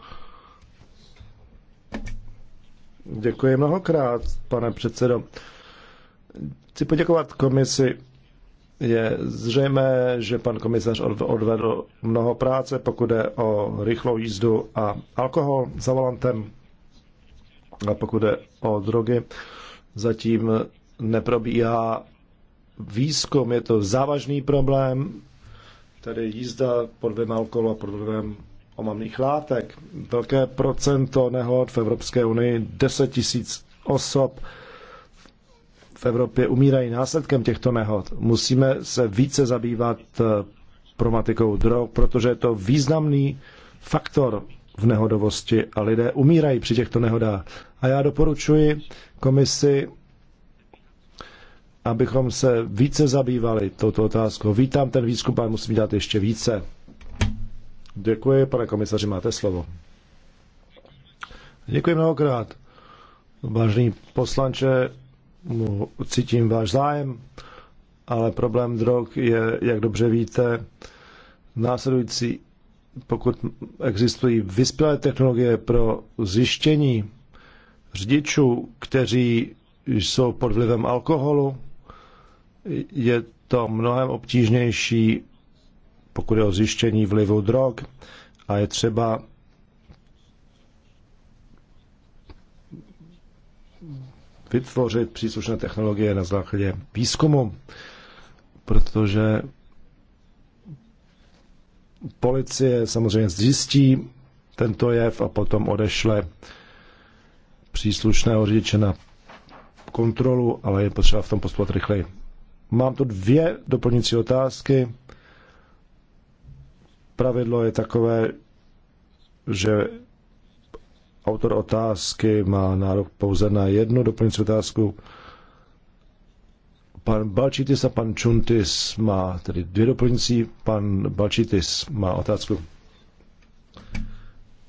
Děkuji mnohokrát, pane předsedo. Chci poděkovat komisi. Je zřejmé, že pan komisař odvedl mnoho práce, pokud je o rychlou jízdu a alkohol za volantem. A pokud jde o drogy, zatím neprobíhá výzkum, je to závažný problém, tedy jízda pod vlivem alkoholu a pod vlivem omamných látek. Velké procento nehod v Evropské unii, 10 tisíc osob v Evropě umírají následkem těchto nehod. Musíme se více zabývat eh, problematikou drog, protože je to významný faktor v nehodovosti a lidé umírají při těchto nehodách. A já doporučuji komisi, abychom se více zabývali touto otázkou. Vítám ten výzkum, ale musím dát ještě více. Děkuji, pane komisaři, máte slovo. Děkuji mnohokrát. Vážný poslanče, cítím váš zájem, ale problém drog je, jak dobře víte, následující pokud existují vyspělé technologie pro zjištění řidičů, kteří jsou pod vlivem alkoholu, je to mnohem obtížnější, pokud je o zjištění vlivu drog a je třeba vytvořit příslušné technologie na základě výzkumu, protože Policie samozřejmě zjistí tento jev a potom odešle příslušného řidiče na kontrolu, ale je potřeba v tom postupovat rychleji. Mám tu dvě doplňující otázky. Pravidlo je takové, že autor otázky má nárok pouze na jednu doplňující otázku. Pan Balčitis a pan Čuntis má tedy dvě doplňující. Pan Balčitis má otázku.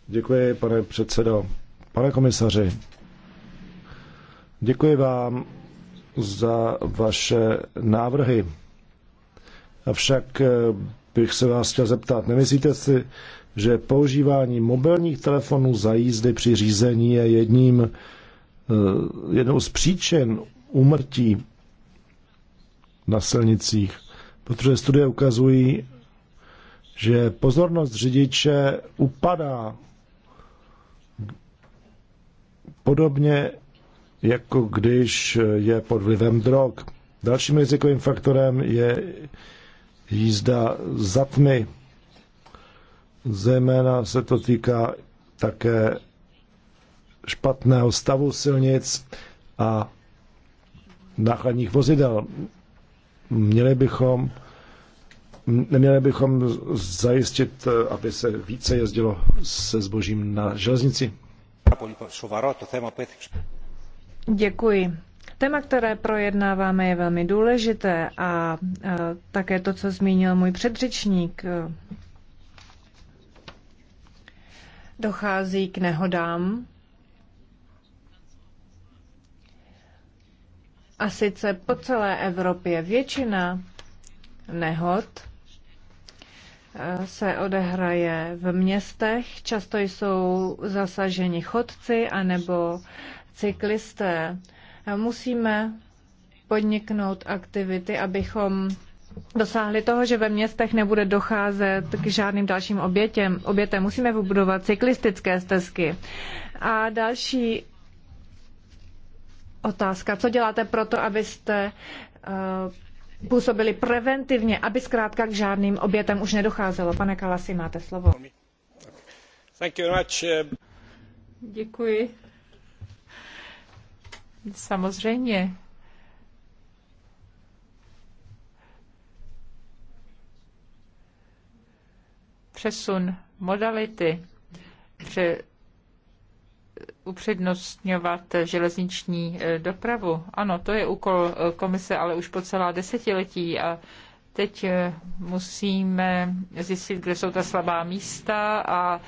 Děkuji, pane předsedo. Pane komisaři, děkuji vám za vaše návrhy. Avšak eh, bych se vás chtěl zeptat, nemyslíte si, že používání mobilních telefonů za jízdy při řízení je jedním, eh, jednou z příčin úmrtí na silnicích, protože studie ukazují, že pozornost řidiče upadá podobně jako když je pod vlivem drog. Dalším rizikovým faktorem je jízda za tmy. Zejména se to týká také špatného stavu silnic a nákladních vozidel. Měli bychom, neměli bychom zajistit, eh, aby se více jezdilo se zbožím na železnici? Děkuji. Téma, které projednáváme, je velmi důležité a eh, také to, co zmínil můj předřečník, dochází k nehodám A sice po celé Evropě většina nehod eh, se odehraje v městech. Často jsou zasaženi chodci anebo cyklisté. Musíme podniknout aktivity, abychom dosáhli toho, že ve městech nebude docházet k žádným dalším obětem. obětem. Musíme vybudovat cyklistické stezky. A další otázka. Co děláte pro to, abyste eh, působili preventivně, aby zkrátka k žádným obětem už nedocházelo? Pane Kalasi, máte slovo. Eh. Děkuji. Samozřejmě. Přesun modality, pře- upřednostňovat železniční eh, dopravu. Ano, to je úkol eh, komise, ale už po celá desetiletí a teď eh, musíme zjistit, kde jsou ta slabá místa a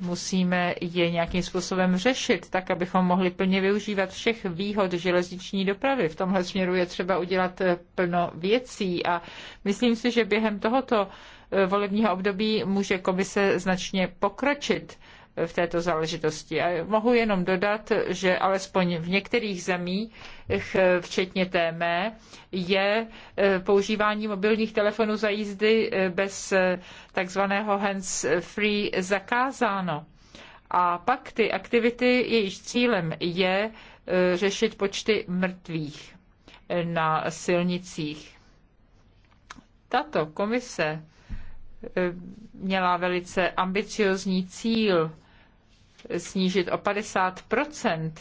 musíme je nějakým způsobem řešit, tak abychom mohli plně využívat všech výhod železniční dopravy. V tomhle směru je třeba udělat plno věcí a myslím si, že během tohoto volebního období může komise značně pokročit v této záležitosti. A mohu jenom dodat, že alespoň v některých zemích, včetně té mé, je e, používání mobilních telefonů za jízdy e, bez e, takzvaného hands-free zakázáno. A pak ty aktivity, jejichž cílem je řešit počty mrtvých na silnicích. Tato komise měla velice ambiciozní cíl snížit o 50 e,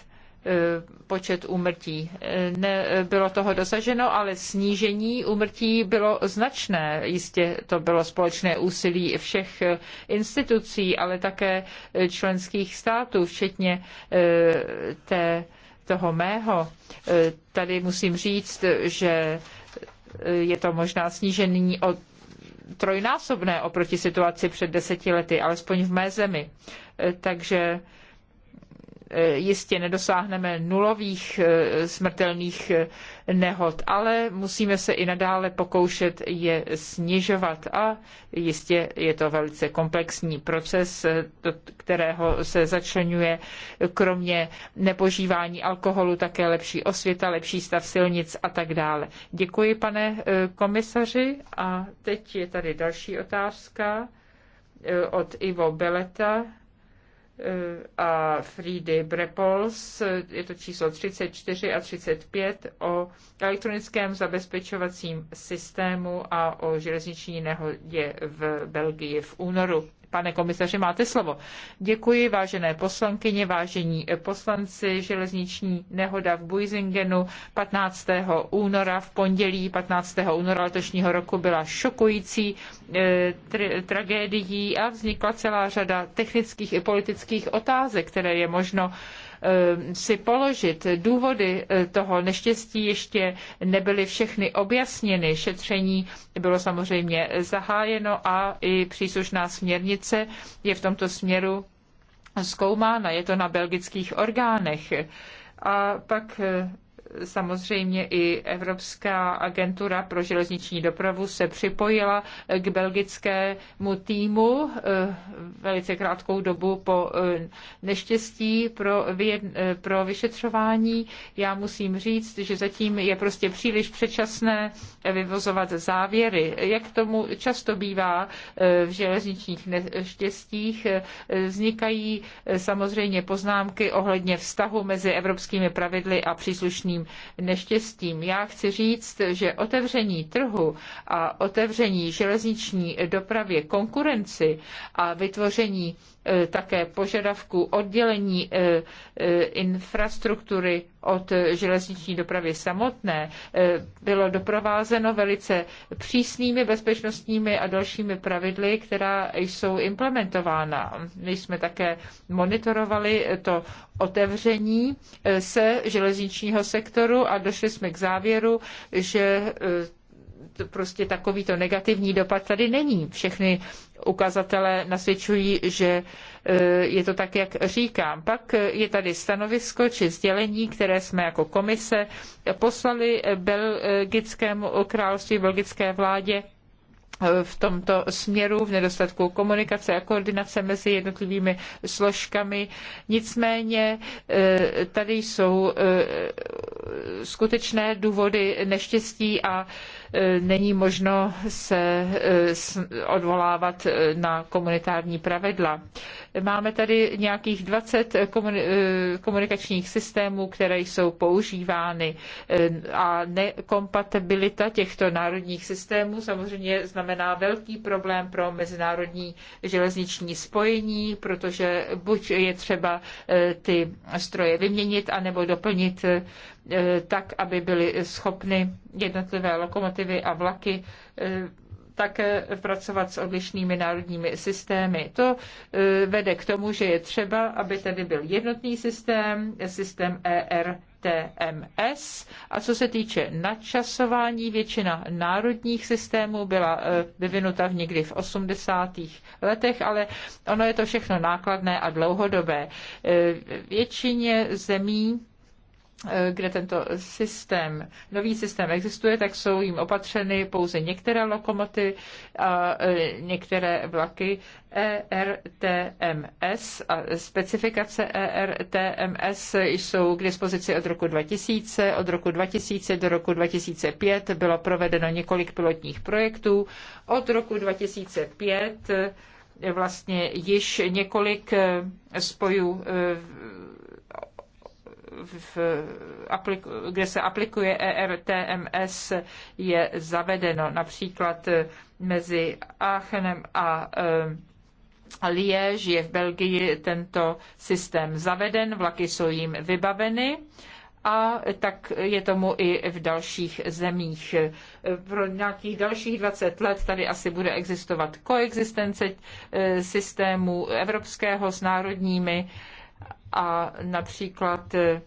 počet úmrtí. E, Nebylo toho dosaženo, ale snížení úmrtí bylo značné. Jistě to bylo společné úsilí všech e, institucí, ale také členských států, včetně té, toho mého. Tady musím říct, že je to možná snížení o trojnásobné oproti situaci před deseti lety, alespoň v mé zemi. E, takže e, jistě nedosáhneme nulových e, smrtelných nehod, ale musíme se i nadále pokoušet je snižovat a jistě je to velice komplexní proces, do kterého se začlenuje kromě nepožívání alkoholu také lepší osvěta, lepší stav silnic a tak dále. Děkuji, pane eh, komisaři. A teď je tady další otázka eh, od Ivo Beleta a Fridy Brepols, je to číslo 34 a 35, o elektronickém zabezpečovacím systému a o železniční nehodě v Belgii v únoru. Pane komisaři, máte slovo. Děkuji, vážené poslankyně, vážení poslanci. Železniční nehoda v Buizingenu 15. února v pondělí 15. února letošního roku byla šokující e, tr- tragédií a vznikla celá řada technických i politických otázek, které je možno Eh, si položit. Důvody eh, toho neštěstí ještě nebyly všechny objasněny. Šetření bylo samozřejmě zahájeno a i příslušná směrnice je v tomto směru zkoumána. Je to na belgických orgánech. A pak eh, samozřejmě i Evropská agentura pro železniční dopravu se připojila k belgickému týmu eh, velice krátkou dobu po eh, neštěstí pro, eh, pro vyšetřování. Já musím říct, že zatím je prostě příliš předčasné vyvozovat závěry. Jak tomu často bývá v železničních neštěstích, vznikají samozřejmě poznámky ohledně vztahu mezi evropskými pravidly a příslušným neštěstím. Já chci říct, že otevření trhu a otevření železniční dopravě konkurenci a vytvoření eh, také požadavků oddělení eh, eh, infrastruktury od železniční dopravy samotné eh, bylo doprovázeno velice přísnými bezpečnostními a dalšími pravidly, která jsou implementována. My jsme také monitorovali to otevření eh, se železničního sektoru a došli jsme k závěru, že eh, prostě takovýto negativní dopad tady není. Všechny ukazatele nasvědčují, že e, je to tak, jak říkám. Pak je tady stanovisko či sdělení, které jsme jako komise poslali belgickému království, belgické vládě e, v tomto směru, v nedostatku komunikace a koordinace mezi jednotlivými složkami. Nicméně e, tady jsou skutečné důvody neštěstí a Eh, není možno se eh, odvolávat eh, na komunitární pravidla. Máme tady nějakých 20 komunikačních systémů, které jsou používány a nekompatibilita těchto národních systémů samozřejmě znamená velký problém pro mezinárodní železniční spojení, protože buď je třeba ty stroje vyměnit, anebo doplnit Eh, tak, aby byly schopny jednotlivé lokomotivy a vlaky eh, také pracovat s odlišnými národními systémy. To eh, vede k tomu, že je třeba, aby tady byl jednotný systém, systém ER TMS. A co se týče načasování, většina národních systémů byla vyvinuta v někdy v 80. letech, ale ono je to všechno nákladné a dlouhodobé. Většině zemí Eh, kde tento systém, nový systém existuje, tak jsou jim opatřeny pouze některé lokomoty a eh, některé vlaky ERTMS a specifikace ERTMS jsou k dispozici od roku 2000. Od roku 2000 do roku 2005 bylo provedeno několik pilotních projektů. Od roku 2005 eh, vlastně již několik spojů v, kde se aplikuje ERTMS, je zavedeno například eh, mezi Aachenem a eh, Liež je v Belgii tento systém zaveden, vlaky jsou jim vybaveny a tak je tomu i v dalších zemích. Eh, pro nějakých dalších 20 let tady asi bude existovat koexistence systému evropského s národními a například e,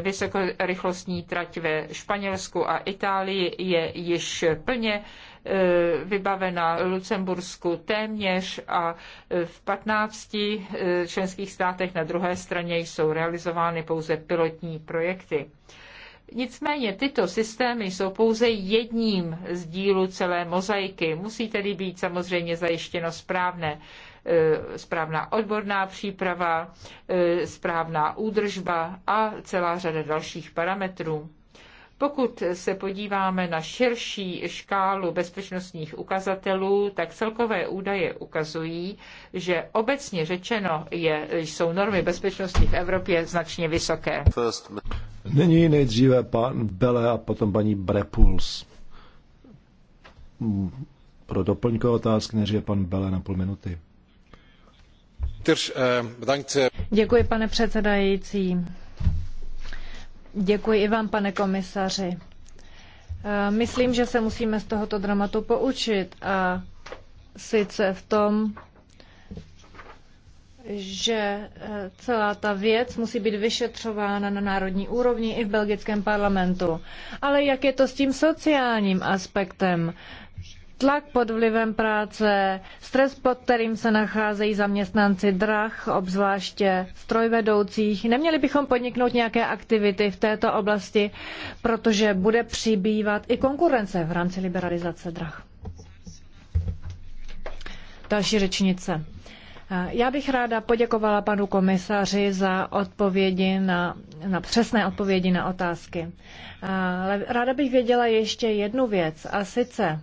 vysokorychlostní trať ve Španělsku a Itálii je již plně e, vybavena Lucembursku téměř a e, v 15 členských státech na druhé straně jsou realizovány pouze pilotní projekty. Nicméně tyto systémy jsou pouze jedním z dílů celé mozaiky. Musí tedy být samozřejmě zajištěno správné E, správná odborná příprava, e, správná údržba a celá řada dalších parametrů. Pokud se podíváme na širší škálu bezpečnostních ukazatelů, tak celkové údaje ukazují, že obecně řečeno je, jsou normy bezpečnosti v Evropě značně vysoké. Nyní nejdříve pan Bele a potom paní Brepuls. Hmm, pro doplňkové otázky nejdříve pan Bele na půl minuty. Eh, eh. Děkuji, pane předsedající. Děkuji i vám, pane komisaři. Eh, myslím, že se musíme z tohoto dramatu poučit a sice v tom, že celá ta věc musí být vyšetřována na národní úrovni i v belgickém parlamentu. Ale jak je to s tím sociálním aspektem? tlak pod vlivem práce, stres, pod kterým se nacházejí zaměstnanci drah, obzvláště strojvedoucích. Neměli bychom podniknout nějaké aktivity v této oblasti, protože bude přibývat i konkurence v rámci liberalizace drah. Další řečnice. Já bych ráda poděkovala panu komisaři za odpovědi na, na přesné odpovědi na otázky. Ale ráda bych věděla ještě jednu věc, a sice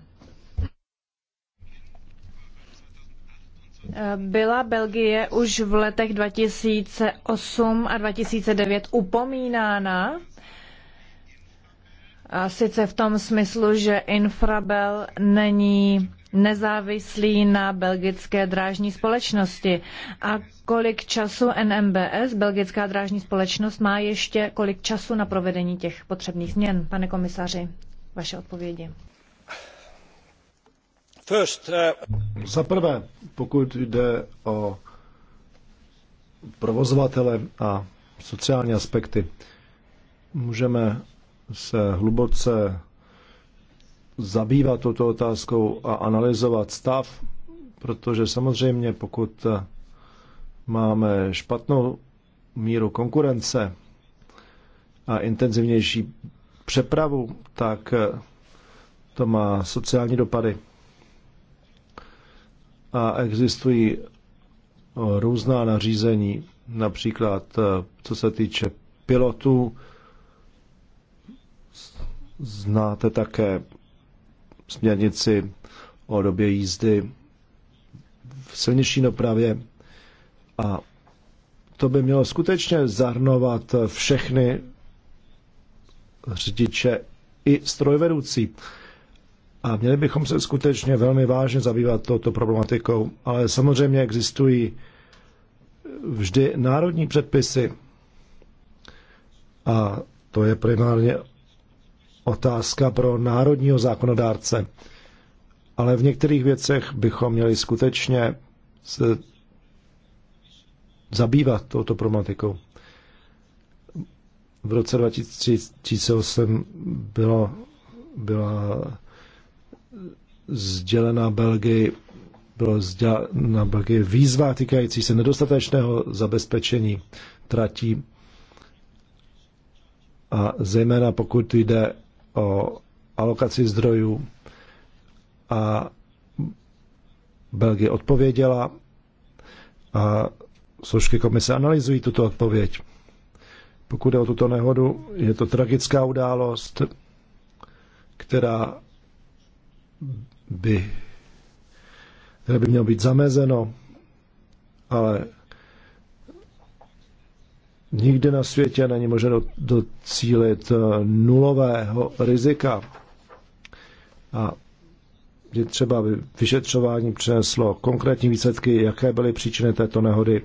Byla Belgie už v letech 2008 a 2009 upomínána? A sice v tom smyslu, že Infrabel není nezávislý na belgické drážní společnosti. A kolik času NMBS, belgická drážní společnost, má ještě kolik času na provedení těch potřebných změn? Pane komisaři, vaše odpovědi. Uh, Za prvé, pokud jde o provozovatele a sociální aspekty, můžeme se hluboce zabývat touto otázkou a analyzovat stav, protože samozřejmě pokud máme špatnou míru konkurence a intenzivnější přepravu, tak to má sociální dopady a existují eh, různá nařízení, například eh, co se týče pilotů, znáte také směrnici o době jízdy v silniční dopravě a to by mělo skutečně zahrnovat eh, všechny řidiče i strojvedoucí. A měli bychom se skutečně velmi vážně zabývat touto problematikou, ale samozřejmě existují vždy národní předpisy. A to je primárně otázka pro národního zákonodárce. Ale v některých věcech bychom měli skutečně se zabývat touto problematikou. V roce 2008 bylo, byla sdělená Belgii, bylo sdělená Belgii výzva týkající se nedostatečného zabezpečení tratí a zejména pokud jde o alokaci zdrojů a Belgie odpověděla a složky komise analyzují tuto odpověď. Pokud je o tuto nehodu, je to tragická událost, která by, které by mělo být zamezeno, ale nikde na světě není možné docílit eh, nulového rizika. A je třeba, aby vyšetřování přineslo konkrétní výsledky, jaké byly příčiny této nehody.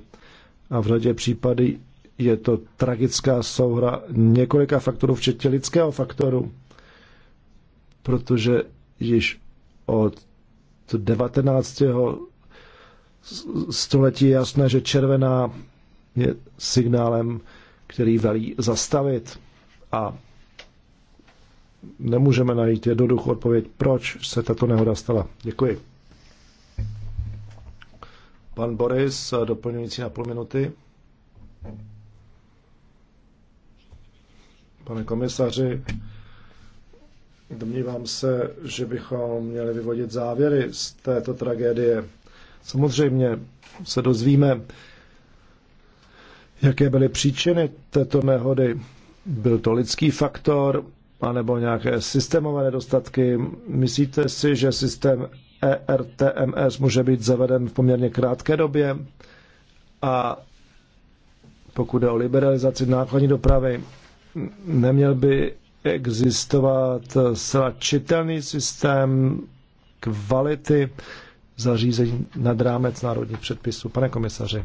A v řadě případy je to tragická souhra několika faktorů, včetně lidského faktoru, protože již od 19. století je jasné, že červená je signálem, který velí zastavit a nemůžeme najít jednoduchou odpověď, proč se tato nehoda stala. Děkuji. Pan Boris, doplňující na půl minuty. Pane komisaři, Domnívám se, že bychom měli vyvodit závěry z této tragédie. Samozřejmě se dozvíme, jaké byly příčiny této nehody. Byl to lidský faktor, anebo nějaké systémové nedostatky. Myslíte si, že systém ERTMS může být zaveden v poměrně krátké době? A pokud jde o liberalizaci nákladní dopravy, neměl by existovat zcela čitelný systém kvality zařízení nad rámec národních předpisů. Pane komisaři.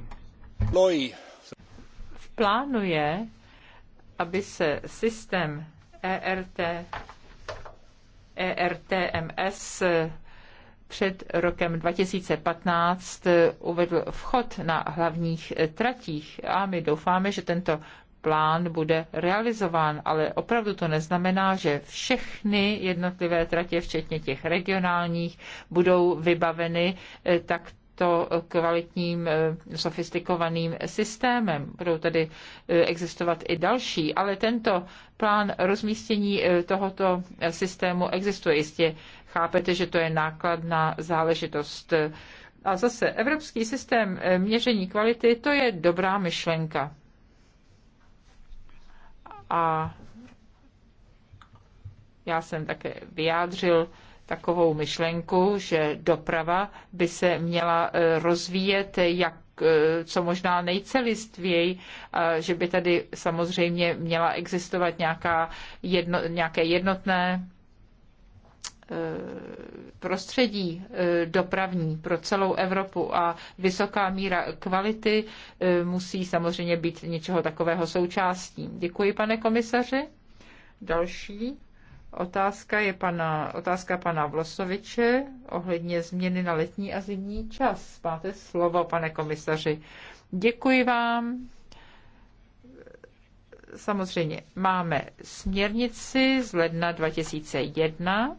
V plánu je, aby se systém ERT, ERTMS před rokem 2015 uvedl vchod na hlavních tratích a my doufáme, že tento plán bude realizován, ale opravdu to neznamená, že všechny jednotlivé tratě, včetně těch regionálních, budou vybaveny eh, tak to kvalitním, eh, sofistikovaným systémem. Budou tady eh, existovat i další, ale tento plán rozmístění tohoto systému existuje. Jistě chápete, že to je nákladná záležitost. A zase evropský systém měření kvality, to je dobrá myšlenka a já jsem také vyjádřil takovou myšlenku, že doprava by se měla eh, rozvíjet jak eh, co možná nejcelistvěji, že by tady samozřejmě měla existovat nějaká jedno, nějaké jednotné Eh, prostředí eh, dopravní pro celou Evropu a vysoká míra kvality eh, musí samozřejmě být něčeho takového součástí. Děkuji, pane komisaři. Další otázka je pana, otázka pana Vlosoviče ohledně změny na letní a zimní čas. Máte slovo, pane komisaři. Děkuji vám samozřejmě máme směrnici z ledna 2001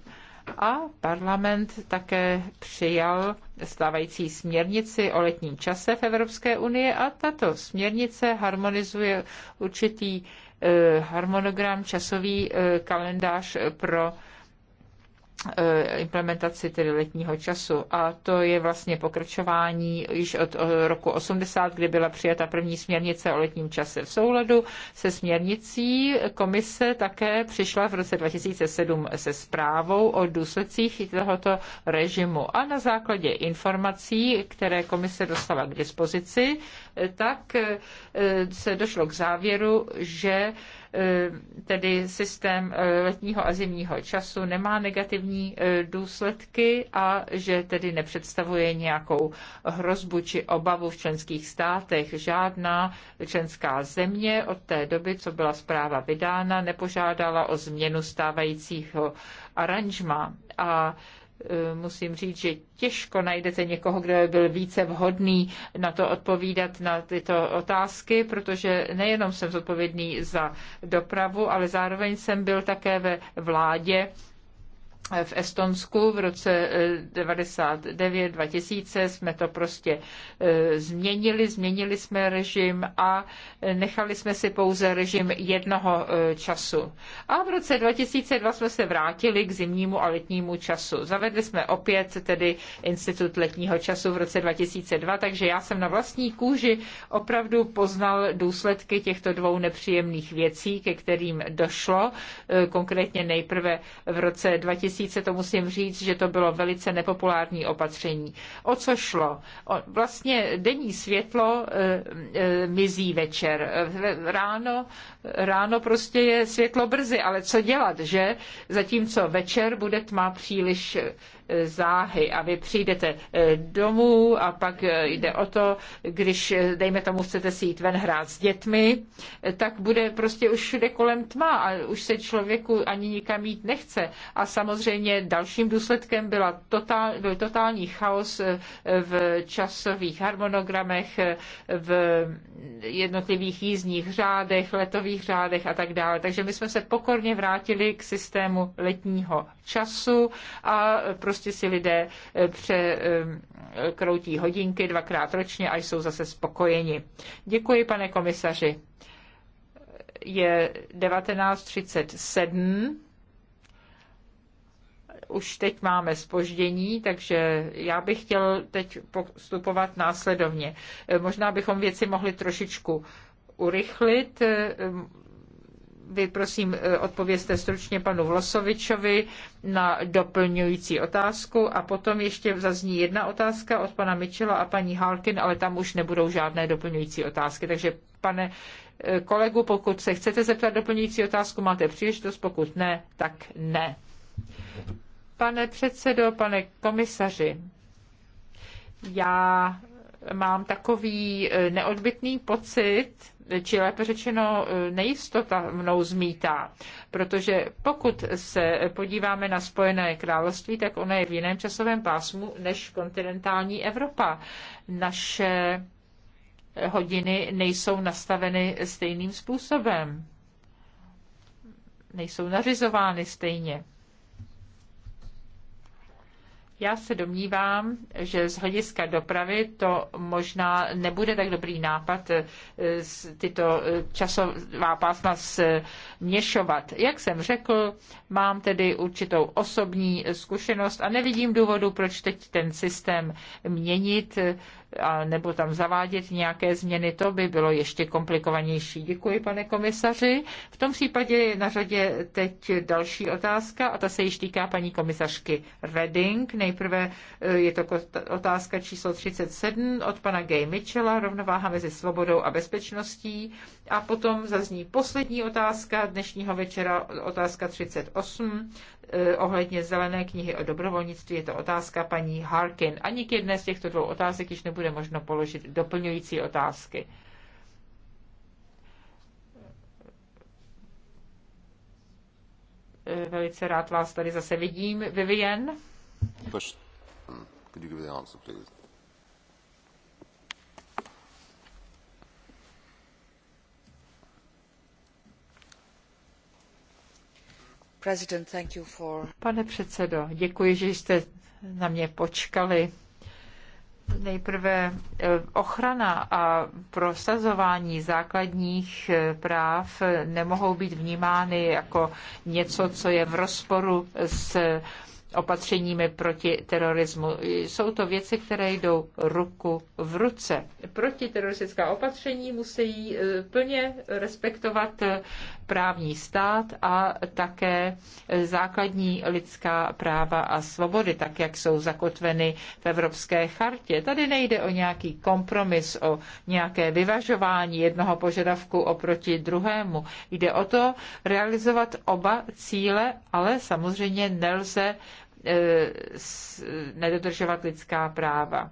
a parlament také přijal stávající směrnici o letním čase v Evropské unii a tato směrnice harmonizuje určitý eh, harmonogram, časový eh, kalendář pro Eh, implementaci tedy letního času. A to je vlastně pokračování již od eh, roku 80, kdy byla přijata první směrnice o letním čase. V souladu se směrnicí komise také přišla v roce 2007 se zprávou o důsledcích tohoto režimu. A na základě informací, které komise dostala k dispozici, eh, tak se došlo k závěru, že Eh, tedy systém eh, letního a zimního času nemá negativní eh, důsledky a že tedy nepředstavuje nějakou hrozbu či obavu v členských státech. Žádná členská země od té doby, co byla zpráva vydána, nepožádala o změnu stávajícího aranžma. A Eh, musím říct, že těžko najdete někoho, kdo by byl více vhodný na to odpovídat na tyto otázky, protože nejenom jsem zodpovědný za dopravu, ale zároveň jsem byl také ve vládě v Estonsku v roce 99-2000 eh, jsme to prostě eh, změnili, změnili jsme režim a eh, nechali jsme si pouze režim jednoho času. A v roce 2002 jsme se vrátili k zimnímu a letnímu času. Zavedli jsme opět tedy institut letního času v roce 2002, takže já jsem na vlastní kůži opravdu poznal důsledky těchto dvou nepříjemných věcí, ke kterým došlo, konkrétně nejprve v roce 2000 měsíce, to musím říct, že to bylo velice nepopulární opatření. O co šlo? O, vlastně denní světlo e, e, mizí večer. Eh, ráno, ráno prostě je světlo brzy, ale co dělat, že? Zatímco večer bude tma příliš záhy a vy přijdete eh, domů a pak eh, jde o to, když, eh, dejme tomu, chcete si jít ven hrát s dětmi, tak bude prostě už všude kolem tma a už se člověku ani nikam jít nechce. A samozřejmě dalším důsledkem byla totál, byl totální chaos v časových harmonogramech, v jednotlivých jízdních řádech, letových řádech a tak dále. Takže my jsme se pokorně vrátili k systému letního času a prostě prostě si lidé eh, překroutí eh, hodinky dvakrát ročně a jsou zase spokojeni. Děkuji, pane komisaři. Je 19.37 už teď máme spoždění, takže já bych chtěl teď postupovat následovně. Eh, možná bychom věci mohli trošičku urychlit. Vy prosím eh, odpovězte stručně panu Vlosovičovi na doplňující otázku a potom ještě zazní jedna otázka od pana Michela a paní Halkin, ale tam už nebudou žádné doplňující otázky. Takže pane eh, kolegu, pokud se chcete zeptat doplňující otázku, máte příležitost, pokud ne, tak ne. Pane předsedo, pane komisaři, já mám takový eh, neodbitný pocit, či lépe řečeno e, nejistota mnou zmítá. Protože pokud se podíváme na Spojené království, tak ono je v jiném časovém pásmu než kontinentální Evropa. Naše hodiny nejsou nastaveny stejným způsobem. Nejsou nařizovány stejně. Já se domnívám, že z hlediska dopravy to možná nebude tak dobrý nápad eh, tyto eh, časová pásma směšovat. Jak jsem řekl, mám tedy určitou osobní zkušenost a nevidím důvodu, proč teď ten systém měnit nebo tam zavádět nějaké změny, to by bylo ještě komplikovanější. Děkuji, pane komisaři. V tom případě je na řadě teď další otázka a ta se již týká paní komisařky Redding. Nejprve eh, je to otázka číslo 37 od pana Gay Mitchella, rovnováha mezi svobodou a bezpečností. A potom zazní poslední otázka dnešního večera, otázka 38, eh, ohledně zelené knihy o dobrovolnictví. Je to otázka paní Harkin. Ani k jedné z těchto dvou otázek již nebude možno položit doplňující otázky. Eh, velice rád vás tady zase vidím. Vivian? Could you give the answer, please? Pane předsedo, děkuji, že jste na mě počkali. Nejprve eh, ochrana a prosazování základních eh, práv eh, nemohou být vnímány jako něco, co je v rozporu s opatřeními proti terorismu. Jsou to věci, které jdou ruku v ruce. Protiteroristická opatření musí eh, plně respektovat eh, právní stát a také eh, základní lidská práva a svobody, tak jak jsou zakotveny v Evropské chartě. Tady nejde o nějaký kompromis, o nějaké vyvažování jednoho požadavku oproti druhému. Jde o to realizovat oba cíle, ale samozřejmě nelze E, nedodržovat lidská práva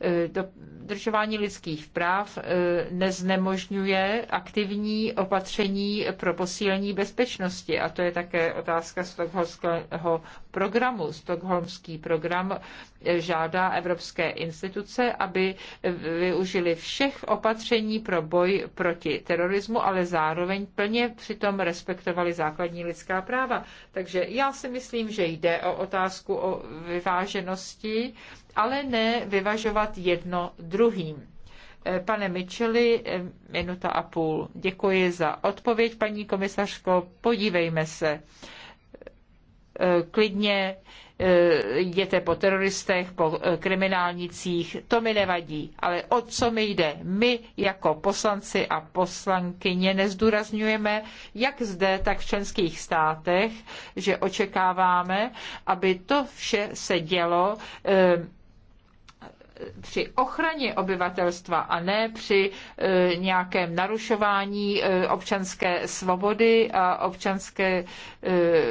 e, dodržování lidských práv e, neznemožňuje aktivní opatření pro posílení bezpečnosti. A to je také otázka stokholmského programu. Stokholmský program žádá evropské instituce, aby využili všech opatření pro boj proti terorismu, ale zároveň plně přitom respektovali základní lidská práva. Takže já si myslím, že jde o otázku o vyváženosti, ale ne vyvažovat jedno druhým. Pane Micheli, minuta a půl. Děkuji za odpověď, paní komisařko. Podívejme se Eh, klidně eh, jděte po teroristech, po eh, kriminálnicích, to mi nevadí. Ale o co mi jde? My jako poslanci a poslankyně nezdůrazňujeme, jak zde, tak v členských státech, že očekáváme, aby to vše se dělo při ochraně obyvatelstva a ne při e, nějakém narušování e, občanské svobody a občanské, e,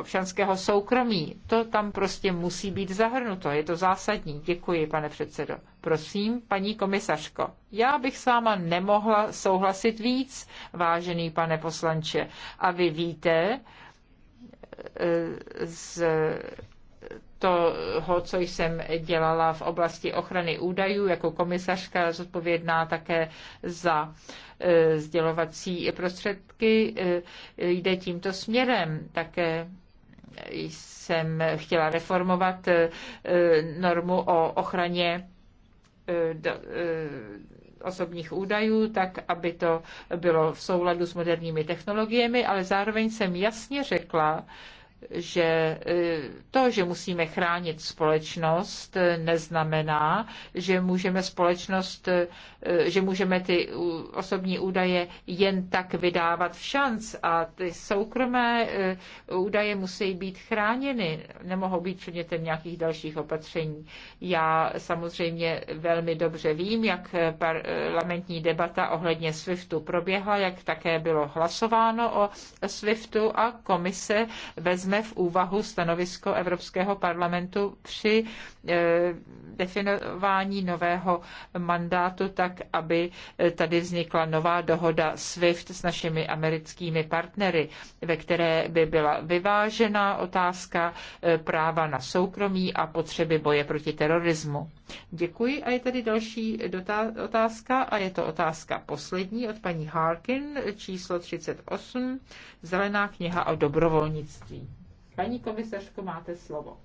občanského soukromí. To tam prostě musí být zahrnuto. Je to zásadní. Děkuji, pane předsedo. Prosím, paní komisařko, já bych s váma nemohla souhlasit víc, vážený pane poslanče. A vy víte, z toho, co jsem dělala v oblasti ochrany údajů jako komisařka zodpovědná také za e, sdělovací prostředky, e, jde tímto směrem. Také jsem chtěla reformovat e, normu o ochraně osobních údajů, tak aby to bylo v souladu s moderními technologiemi, ale zároveň jsem jasně řekla, že e, to, že musíme chránit společnost, e, neznamená, že můžeme společnost, e, že můžeme ty osobní údaje jen tak vydávat v šanc a ty soukromé údaje musí být chráněny, nemohou být předmětem nějakých dalších opatření. Já samozřejmě velmi dobře vím, jak parlamentní debata ohledně SWIFTu proběhla, jak také bylo hlasováno o SWIFTu a komise vezme vezme v úvahu stanovisko Evropského parlamentu při eh, definování nového mandátu tak, aby eh, tady vznikla nová dohoda SWIFT s našimi americkými partnery, ve které by byla vyvážena otázka eh, práva na soukromí a potřeby boje proti terorismu. Děkuji a je tady další otázka a je to otázka poslední od paní Harkin, číslo 38, Zelená kniha o dobrovolnictví. Paní komisařko, máte slovo.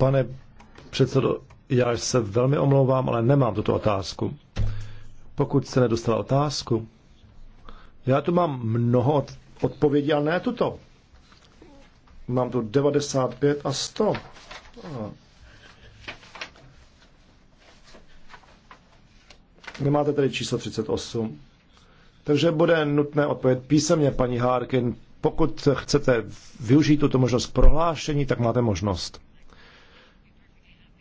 Pane předsedo, já se velmi omlouvám, ale nemám tuto otázku. Pokud se nedostala otázku, já tu mám mnoho odpovědí, ale ne tuto. Mám tu 95 a 100. Nemáte tedy číslo 38. Takže bude nutné odpovědět písemně, paní Harkin. Pokud chcete využít tuto možnost k prohlášení, tak máte možnost.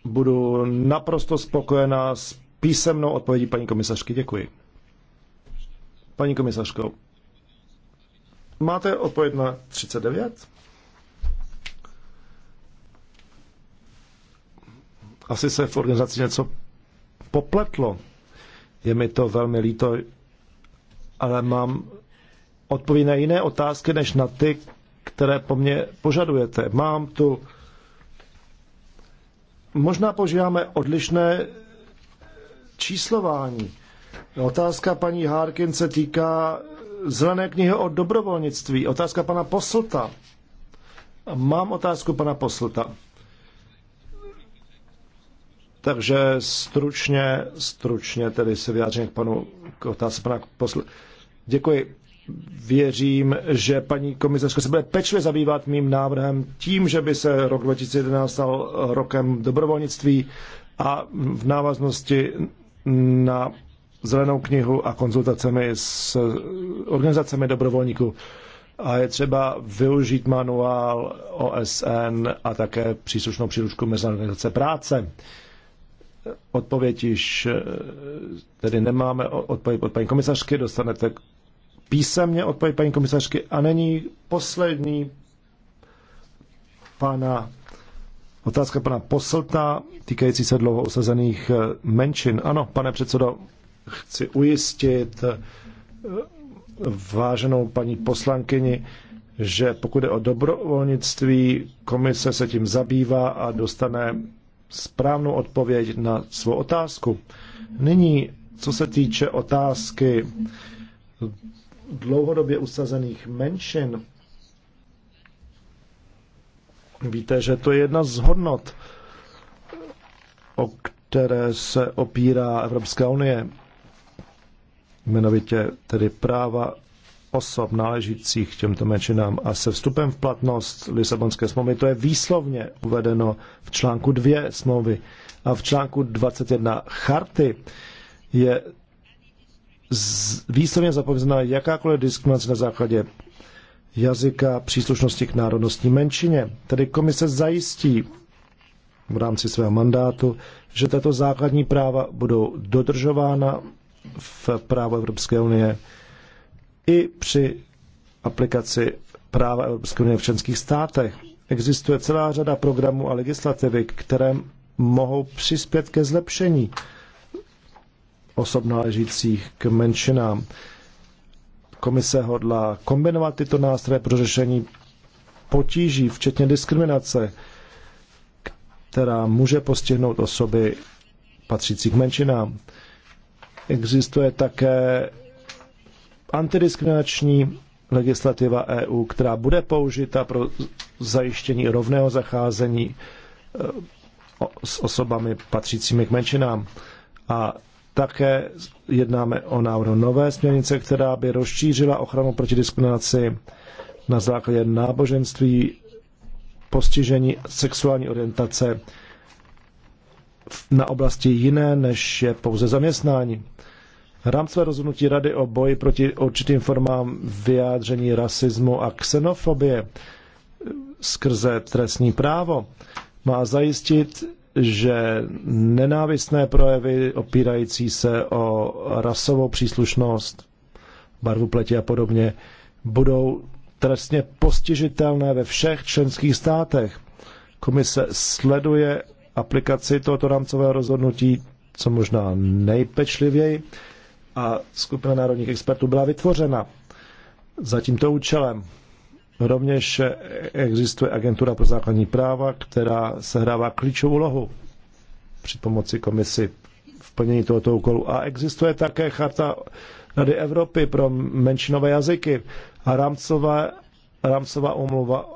Budu naprosto spokojená s písemnou odpovědí paní komisařky. Děkuji. Paní komisařko, máte odpověď na 39? Asi se v organizaci něco popletlo. Je mi to velmi líto, ale mám odpovědi na jiné otázky, než na ty, které po mně požadujete. Mám tu... Možná požíváme odlišné číslování. Otázka paní Harkin se týká zelené knihy o dobrovolnictví. Otázka pana Poslta. Mám otázku pana Poslta. Takže stručně, stručně tedy se vyjádřím k panu k otázce pana posl... Děkuji. Věřím, že paní komisařka se bude pečlivě zabývat mým návrhem tím, že by se rok 2011 stal rokem dobrovolnictví a v návaznosti na zelenou knihu a konzultacemi s organizacemi dobrovolníků. A je třeba využít manuál OSN a také příslušnou příručku Mezinárodní práce odpověď již eh, tedy nemáme odpověď od paní komisařky, dostanete písemně odpověď paní komisařky a není poslední pana Otázka pana Poslta, týkající se dlouho osazených eh, menšin. Ano, pane předsedo, chci ujistit eh, váženou paní poslankyni, že pokud je o dobrovolnictví, komise se tím zabývá a dostane správnou odpověď na svou otázku. Nyní, co se týče otázky dlouhodobě usazených menšin, víte, že to je jedna z hodnot, o které se opírá Evropská unie, jmenovitě tedy práva osob náležících těmto menšinám a se vstupem v platnost Lisabonské smlouvy. To je výslovně uvedeno v článku 2 smlouvy a v článku 21 charty je výslovně zapovězena jakákoliv diskriminace na základě jazyka příslušnosti k národnostní menšině. Tedy komise zajistí v rámci svého mandátu, že tato základní práva budou dodržována v právo Evropské unie i při aplikaci práva Evropské unie v členských státech. Existuje celá řada programů a legislativy, které mohou přispět ke zlepšení osob náležících k menšinám. Komise hodla kombinovat tyto nástroje pro řešení potíží, včetně diskriminace, která může postihnout osoby patřící k menšinám. Existuje také antidiskriminační legislativa EU, která bude použita pro zajištění rovného zacházení e, s osobami patřícími k menšinám. A také jednáme o návrhu nové směrnice, která by rozšířila ochranu proti diskriminaci na základě náboženství, postižení sexuální orientace na oblasti jiné, než je pouze zaměstnání. Rámcové rozhodnutí Rady o boji proti určitým formám vyjádření rasismu a xenofobie skrze trestní právo má zajistit, že nenávistné projevy opírající se o rasovou příslušnost, barvu pleti a podobně, budou trestně postižitelné ve všech členských státech. Komise sleduje aplikaci tohoto rámcového rozhodnutí co možná nejpečlivěji a skupina národních expertů byla vytvořena za tímto účelem. Rovněž existuje agentura pro základní práva, která sehrává klíčovou úlohu při pomoci komisi v plnění tohoto úkolu. A existuje také charta Rady Evropy pro menšinové jazyky a rámcová, rámcová umluva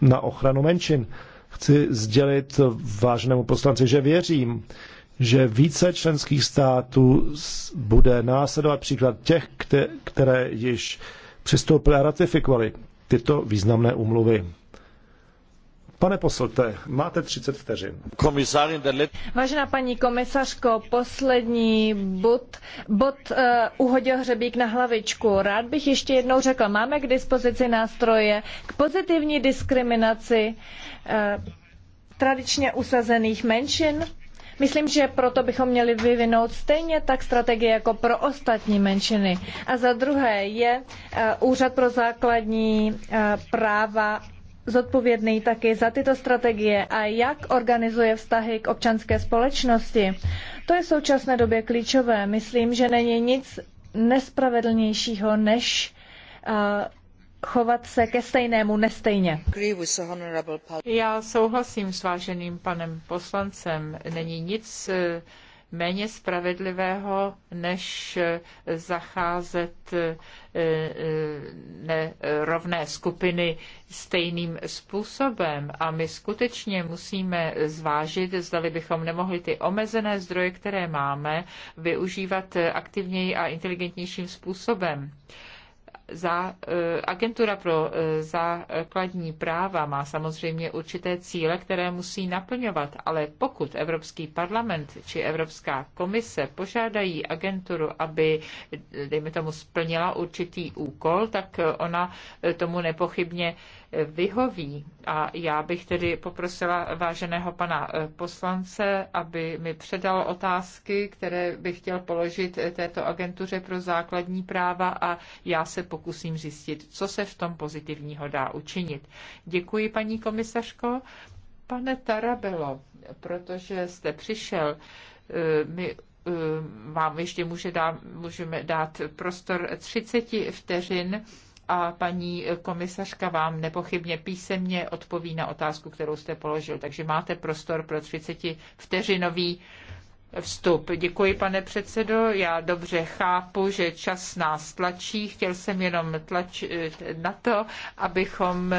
na ochranu menšin. Chci sdělit vážnému poslanci, že věřím, že více členských států bude následovat příklad těch, které již přistoupily a ratifikovaly tyto významné úmluvy. Pane poslte, máte 30 vteřin. Vážená paní komisařko, poslední bod, bod uh, uhodil hřebík na hlavičku. Rád bych ještě jednou řekl, máme k dispozici nástroje k pozitivní diskriminaci uh, tradičně usazených menšin Myslím, že proto bychom měli vyvinout stejně tak strategie jako pro ostatní menšiny. A za druhé je eh, Úřad pro základní eh, práva zodpovědný taky za tyto strategie a jak organizuje vztahy k občanské společnosti. To je v současné době klíčové. Myslím, že není nic nespravedlnějšího než eh, chovat se ke stejnému nestejně. Já souhlasím s váženým panem poslancem. Není nic eh, méně spravedlivého, než eh, zacházet eh, rovné skupiny stejným způsobem. A my skutečně musíme zvážit, zdali bychom nemohli ty omezené zdroje, které máme, využívat aktivněji a inteligentnějším způsobem za, eh, agentura pro eh, základní práva má samozřejmě určité cíle, které musí naplňovat, ale pokud Evropský parlament či Evropská komise požádají agenturu, aby, eh, dejme tomu, splnila určitý úkol, tak ona tomu nepochybně vyhoví. A já bych tedy poprosila váženého pana eh, poslance, aby mi předal otázky, které bych chtěl položit eh, této agentuře pro základní práva a já se pokusím zjistit, co se v tom pozitivního dá učinit. Děkuji, paní komisařko. Pane Tarabelo, protože jste přišel, eh, my vám ještě může dát, můžeme dát prostor 30 vteřin a paní komisařka vám nepochybně písemně odpoví na otázku, kterou jste položil. Takže máte prostor pro 30 vteřinový vstup. Děkuji, pane předsedo. Já dobře chápu, že čas nás tlačí. Chtěl jsem jenom tlačit na to, abychom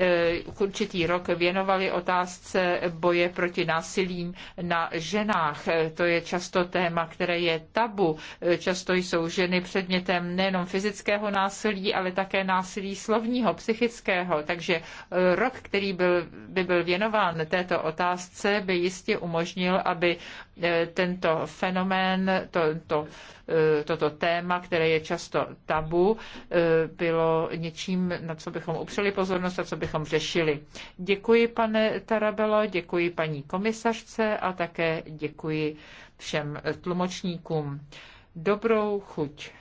Eh, určitý rok věnovali otázce boje proti násilím na ženách. Eh, to je často téma, které je tabu. Eh, často jsou ženy předmětem nejenom fyzického násilí, ale také násilí slovního, psychického. Takže rok, který byl, by byl věnován této otázce, by jistě umožnil, aby tento fenomén, to, to Eh, toto téma, které je často tabu, eh, bylo něčím, na co bychom upřeli pozornost a co bychom řešili. Děkuji, pane Tarabelo, děkuji paní komisařce a také děkuji všem tlumočníkům. Dobrou chuť.